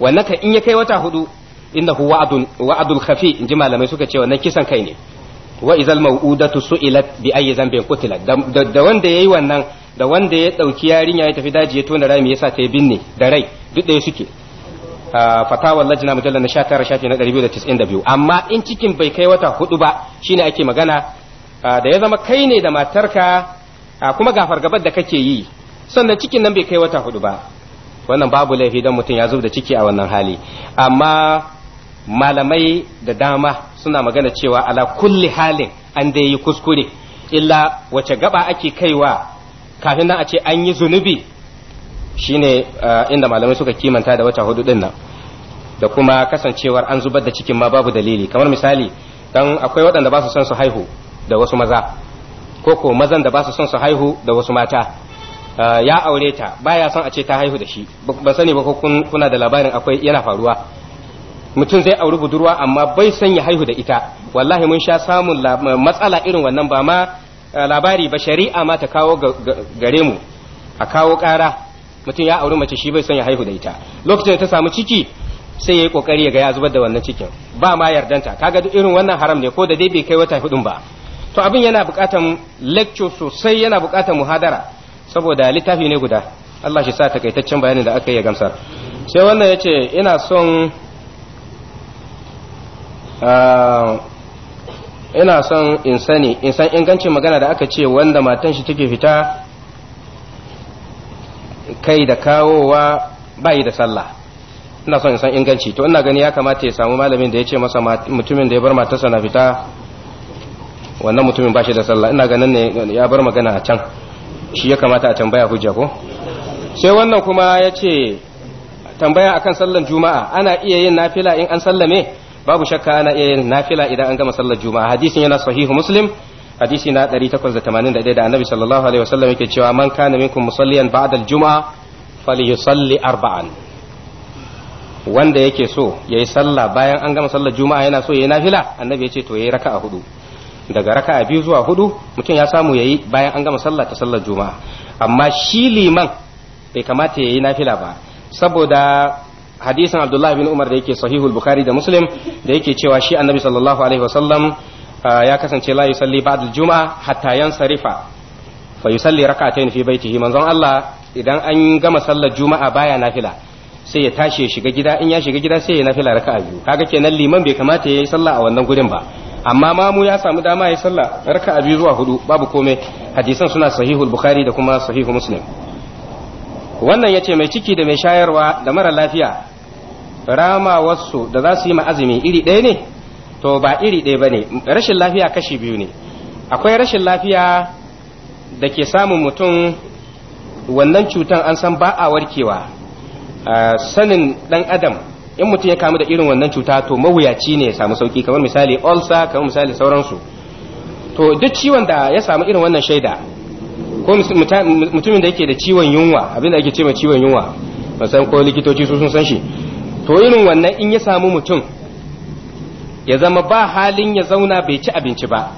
wannan ka in ya kai wata hudu innahu wa'adun wa'adul khafi in ji malamai suka ce wannan kisan kai ne wa izal mau'udatu su'ilat bi ayyi zambin qutilat da wanda yayi wannan da wanda ya dauki yarinya ya tafi daji ya tona rami yasa ta binne da rai duk da suke ah, fatawa Lajina mujallal na 19 shafi na 292 amma in cikin bai kai wata hudu ba shine ake magana ah, da ya zama kai ne da matarka ah, kuma ga fargabar da kake yi sannan cikin nan bai kai wata hudu ba wannan babu laifi dan mutum ya zub da ciki a wannan hali amma malamai da dama suna magana cewa ala kulli halin an da yi kuskure illa wace gaba ake kaiwa kafin nan a ce an yi zunubi shine uh, inda malamai suka kimanta da wata hudu din nan da kuma kasancewar an zubar da cikin ma babu dalili kamar misali dan akwai waɗanda ba su son su haihu da wasu maza ko ko mazan da ba su son su haihu da wasu mata uh, ya aure ta baya son a ce ta haihu da shi ban sani ba ko kuna da labarin akwai yana faruwa mutum zai auri budurwa amma bai san ya haihu da ita wallahi mun sha samun matsala irin wannan ba ma eh, labari ba shari'a ma ta kawo gare mu a kawo ƙara mutum ya auri mace shi bai san ya haihu da ita lokacin da ta samu ciki sai ya yi kokari ya ga ya zubar da wannan cikin ba ma yardanta kaga duk irin wannan haram ne ko da dai bai kai wata hudun ba to abin yana buƙatan lecture sosai yana buƙatan muhadara saboda littafi ne guda Allah shi sa takaitaccen bayanin da aka yi ya gamsar sai wannan yace ina son Ah, ina son in sani in san ingancin magana da aka ce wanda matan shi take fita kai da kawowa bayi da sallah ina son in san inganci to ina gani ya kamata ya samu malamin da ya ce masa mutumin da ya bar matarsa na fita wannan mutumin ba shi da sallah ina ganin ne ya bar magana a can shi ya kamata a tambaya hujja ko sai wannan kuma ya ce tambaya akan sallan juma'a ana iya yin nafila in an sallame babu shakka ana iya yin nafila idan an gama sallar juma'a hadisin yana sahihu muslim hadisi na 881 da annabi sallallahu alaihi wasallam yake cewa man kana minkum musalliyan ba'da al-juma'a falyusalli arba'an wanda yake so yayi sallah bayan an gama sallar juma'a yana so yayi nafila annabi ya ce to yayi raka'a hudu daga raka'a biyu zuwa hudu mutum ya samu yayi bayan an gama sallah ta sallar juma'a amma shi liman bai kamata yayi nafila ba saboda hadisin abdullahi bin umar da yake sahihul bukhari da muslim da yake cewa shi annabi sallallahu alaihi wasallam uh, ya kasance la yusalli ba'dal juma'a hatta yansarifa fa yusalli rak'atayn fi baitihi manzon Allah idan an gama sallar juma'a baya nafila sai ya tashi ya shiga gida in ya shiga gida sai ya nafila raka'a biyu kaga kenan liman bai kamata yi sallah a wannan gurin ba amma mamu ya samu dama ya sallah raka'a biyu zuwa hudu babu komai hadisan suna sahihul bukhari da kuma sahihu muslim wannan yace mai ciki da mai shayarwa da mara lafiya wasu da za su yi azumi iri ɗaya ne to ba iri ɗaya ba ne rashin lafiya kashi biyu ne akwai rashin lafiya da ke samun mutum wannan cutan an san ba a warkewa sanin ɗan adam in mutum ya kamu da irin wannan cuta to mawuyaci ne ya samu sauki kamar misali ulcer kamar misali sauransu to duk ciwon da ya samu irin wannan shaida ko mutumin da yake da ciwon yunwa abin da ake ce ciwon yunwa ba san ko likitoci su sun san shi to irin wannan in ya samu mutum ya zama ba halin ya zauna bai ci abinci ba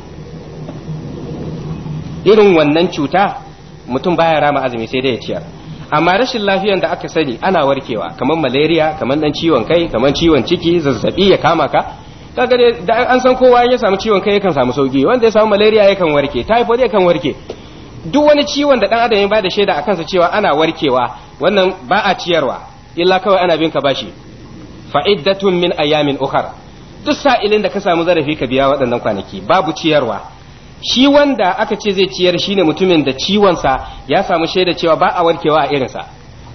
irin wannan cuta mutum baya rama azumi sai dai ya ciyar amma rashin lafiyan da aka sani ana warkewa kamar malaria kamar dan ciwon kai kamar ciwon ciki zazzabi ya kama ka kaga da an san kowa ya samu ciwon kai yakan samu sauki wanda ya samu malaria yakan warke typhoid yakan warke duk wani ciwon da dan adam ya bada shaida akan sa cewa ana warkewa wannan ba a ciyarwa illa kawai ana bin ka bashi fa iddatun min ayamin ukhra duk sa'ilin da ka samu zarafi ka biya waɗannan kwanaki babu ciyarwa shi wanda aka ce zai ciyar shine mutumin da ciwonsa ya samu shaida cewa ba a warkewa a irin sa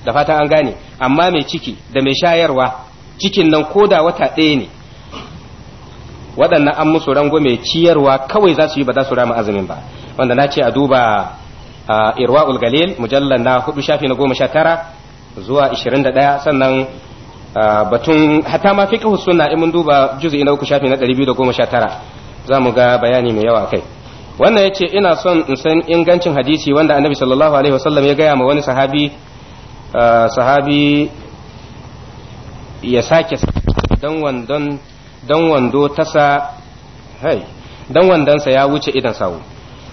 da fatan an gane amma mai ciki da mai shayarwa cikin nan koda wata ɗaya ne waɗannan an musu rango mai ciyarwa kawai za su yi ba za su rama azumin ba wanda na ce a duba irwa ulgalil mujallar na hudu shafi na goma sha tara zuwa ishirin da ɗaya sannan Ah, batun hatta ma fiqh sunna in mun duba juz'i na uku shafi na 219 mu ga bayani mai yawa kai wannan ce ina son in san ingancin hadisi wanda annabi sallallahu alaihi wasallam ya gaya ma wani sahabi ah, sahabi ya sake dan wandon dan wando tasa hai dan wandonsa ya wuce idan sawu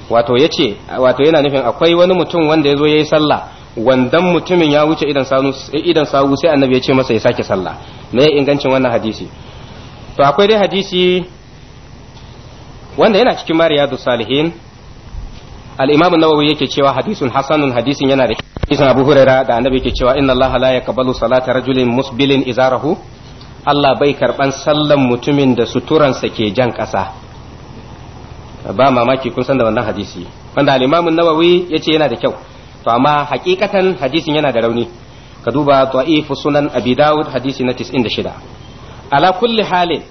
wato yace wato yana nufin akwai wani mutum wanda ya zo yayi sallah wandan mutumin ya wuce idan sawu sai annabi ya ce masa ya sake sallah me ya ingancin wannan hadisi to akwai dai hadisi wanda yana cikin mariyadu salihin al-imam an-nawawi yake cewa hadisun hasanun hadisin yana da hadisin abu huraira da annabi yake cewa inna allaha la yaqbalu salata rajulin musbilin izarahu Allah bai karban sallan mutumin da suturansa ke jan kasa ba mamaki kun san da wannan hadisi wanda al-imam an-nawawi yace yana da kyau to amma hakikatan hadisin yana da rauni ka duba ta'ifu sunan abi dawud hadisi na 96 ala kulli halin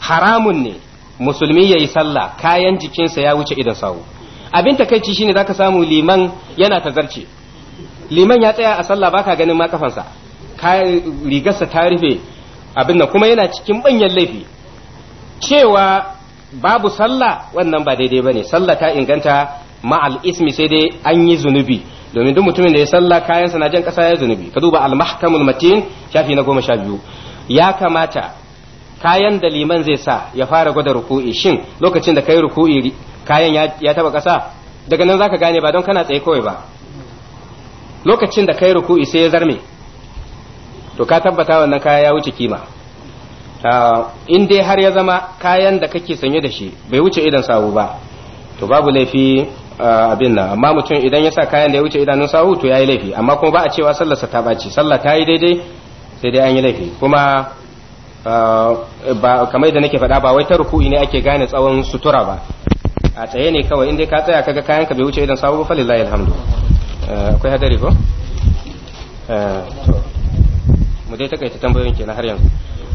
haramun ne musulmi yayi sallah kayan jikinsa ya wuce idan sawu abin takaici shine zaka samu liman yana tazarce liman ya tsaya a sallah baka ganin ma kafansa rigarsa ta rufe abin nan kuma yana cikin banyan laifi cewa babu sallah wannan ba daidai bane sallah ta inganta ma'al ismi sai dai an yi zunubi domin duk mutumin da ya sallah kayansa na jan kasa ya zunubi ka duba al-mahkamul matin shafi na goma sha biyu ya kamata kayan da liman zai sa ya fara gwada ruku'i shin lokacin da kai ruku'i kayan ya taba kasa daga nan zaka gane ba don kana tsaye kawai ba lokacin da kai ruku'i sai ya zarme to ka tabbata wannan kaya ya wuce kima in dai har ya zama kayan da kake sanye da shi bai wuce idan sawu ba to babu laifi abin nan amma mutum idan ya sa kayan da ya wuce idanun hutu oh, to yayi laifi amma kuma ba a cewa sallarsa ta baci sallah ta yi daidai sai dai an yi laifi kuma ba kamar da nake faɗa ba wai ta ruku'i ne ake gane tsawon sutura ba a tsaye ne kawai in dai ka tsaya kaga kayan ka bai wuce idan sawu fa lillahi alhamdu akwai hadari ko mu dai takaita tambayoyin kenan har yanzu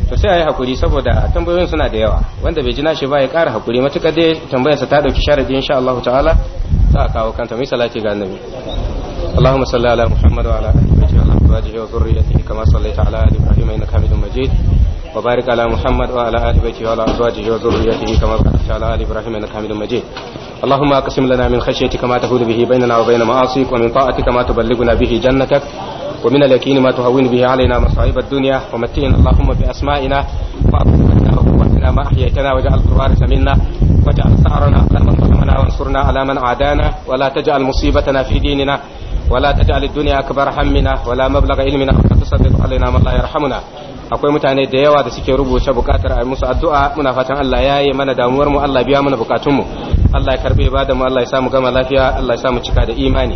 to sai a yi hakuri saboda tambayoyin suna da yawa wanda bai ji nashi ba ya ƙara hakuri matuƙa dai tambayarsa ta ɗauki sharadi insha Allah ta'ala za a kawo kanta mai salati ga annabi اللهم صل على محمد وعلى آل محمد وأزواجه وذريته كما صليت على آل إبراهيم إنك حميد مجيد وبارك على محمد وعلى آل بيته وعلى أزواجه وذريته كما باركت على آل إبراهيم إنك حميد مجيد اللهم أقسم لنا من خشيتك ما تهود به بيننا وبين معاصيك ومن طاعتك ما تبلغنا به جنتك ومن اليقين ما تهون به علينا مصائب الدنيا ومتئنا اللهم بأسمائنا وأبصارنا وقوتنا ما أحييتنا واجعل الوارث منا واجعل ثأرنا على من ظلمنا وانصرنا على من عادانا ولا تجعل مصيبتنا في ديننا ولا تجعل الدنيا أكبر همنا ولا مبلغ علمنا ولا تسلط علينا من لا يرحمنا akwai mutane da yawa da suke rubuce bukatar a musu addu'a muna fatan Allah ya yi mana damuwar mu Allah biya mana bukatun mu Allah ya karbe ba da mu Allah ya samu gama lafiya Allah ya samu cika da imani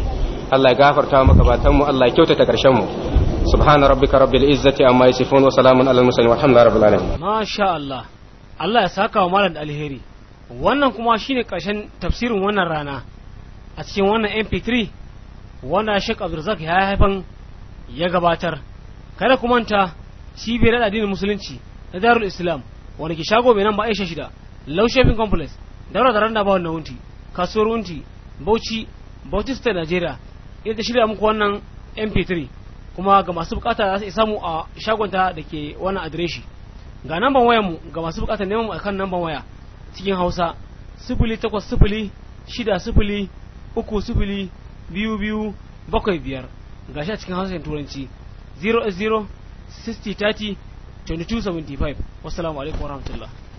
Allah ya gafarta maka batan mu Allah ya kyautata karshen mu subhana rabbika rabbil izzati amma yasifun wa salamun alal mursalin walhamdulillahi rabbil alamin masha Allah Allah ya saka wa malam alheri wannan kuma shine karshen tafsirin wannan rana a cikin wannan MP3 wanda Sheikh Abdulrazak ya haifan ya gabatar kada ku manta cibiyar addinin musulunci na Darul Islam wani ki shago mai nan ba Aisha shida Low Shopping Complex daura da randa ba wannan wunti kasuwar wunti Bauchi Bautista Najeriya. ita ta shirya muku wannan mp3 kuma ga masu bukata za su samu a shagonta da ke wannan adireshi ga namban wayar mu ga masu bukata neman mu kan namban waya cikin hausa sifili takwas sifili shida sifili uku sifili biyu biyu bakwai biyar ga shi a cikin hausa turanci 0 0 60 30 22 75 wassalamu alaikum warahmatullahi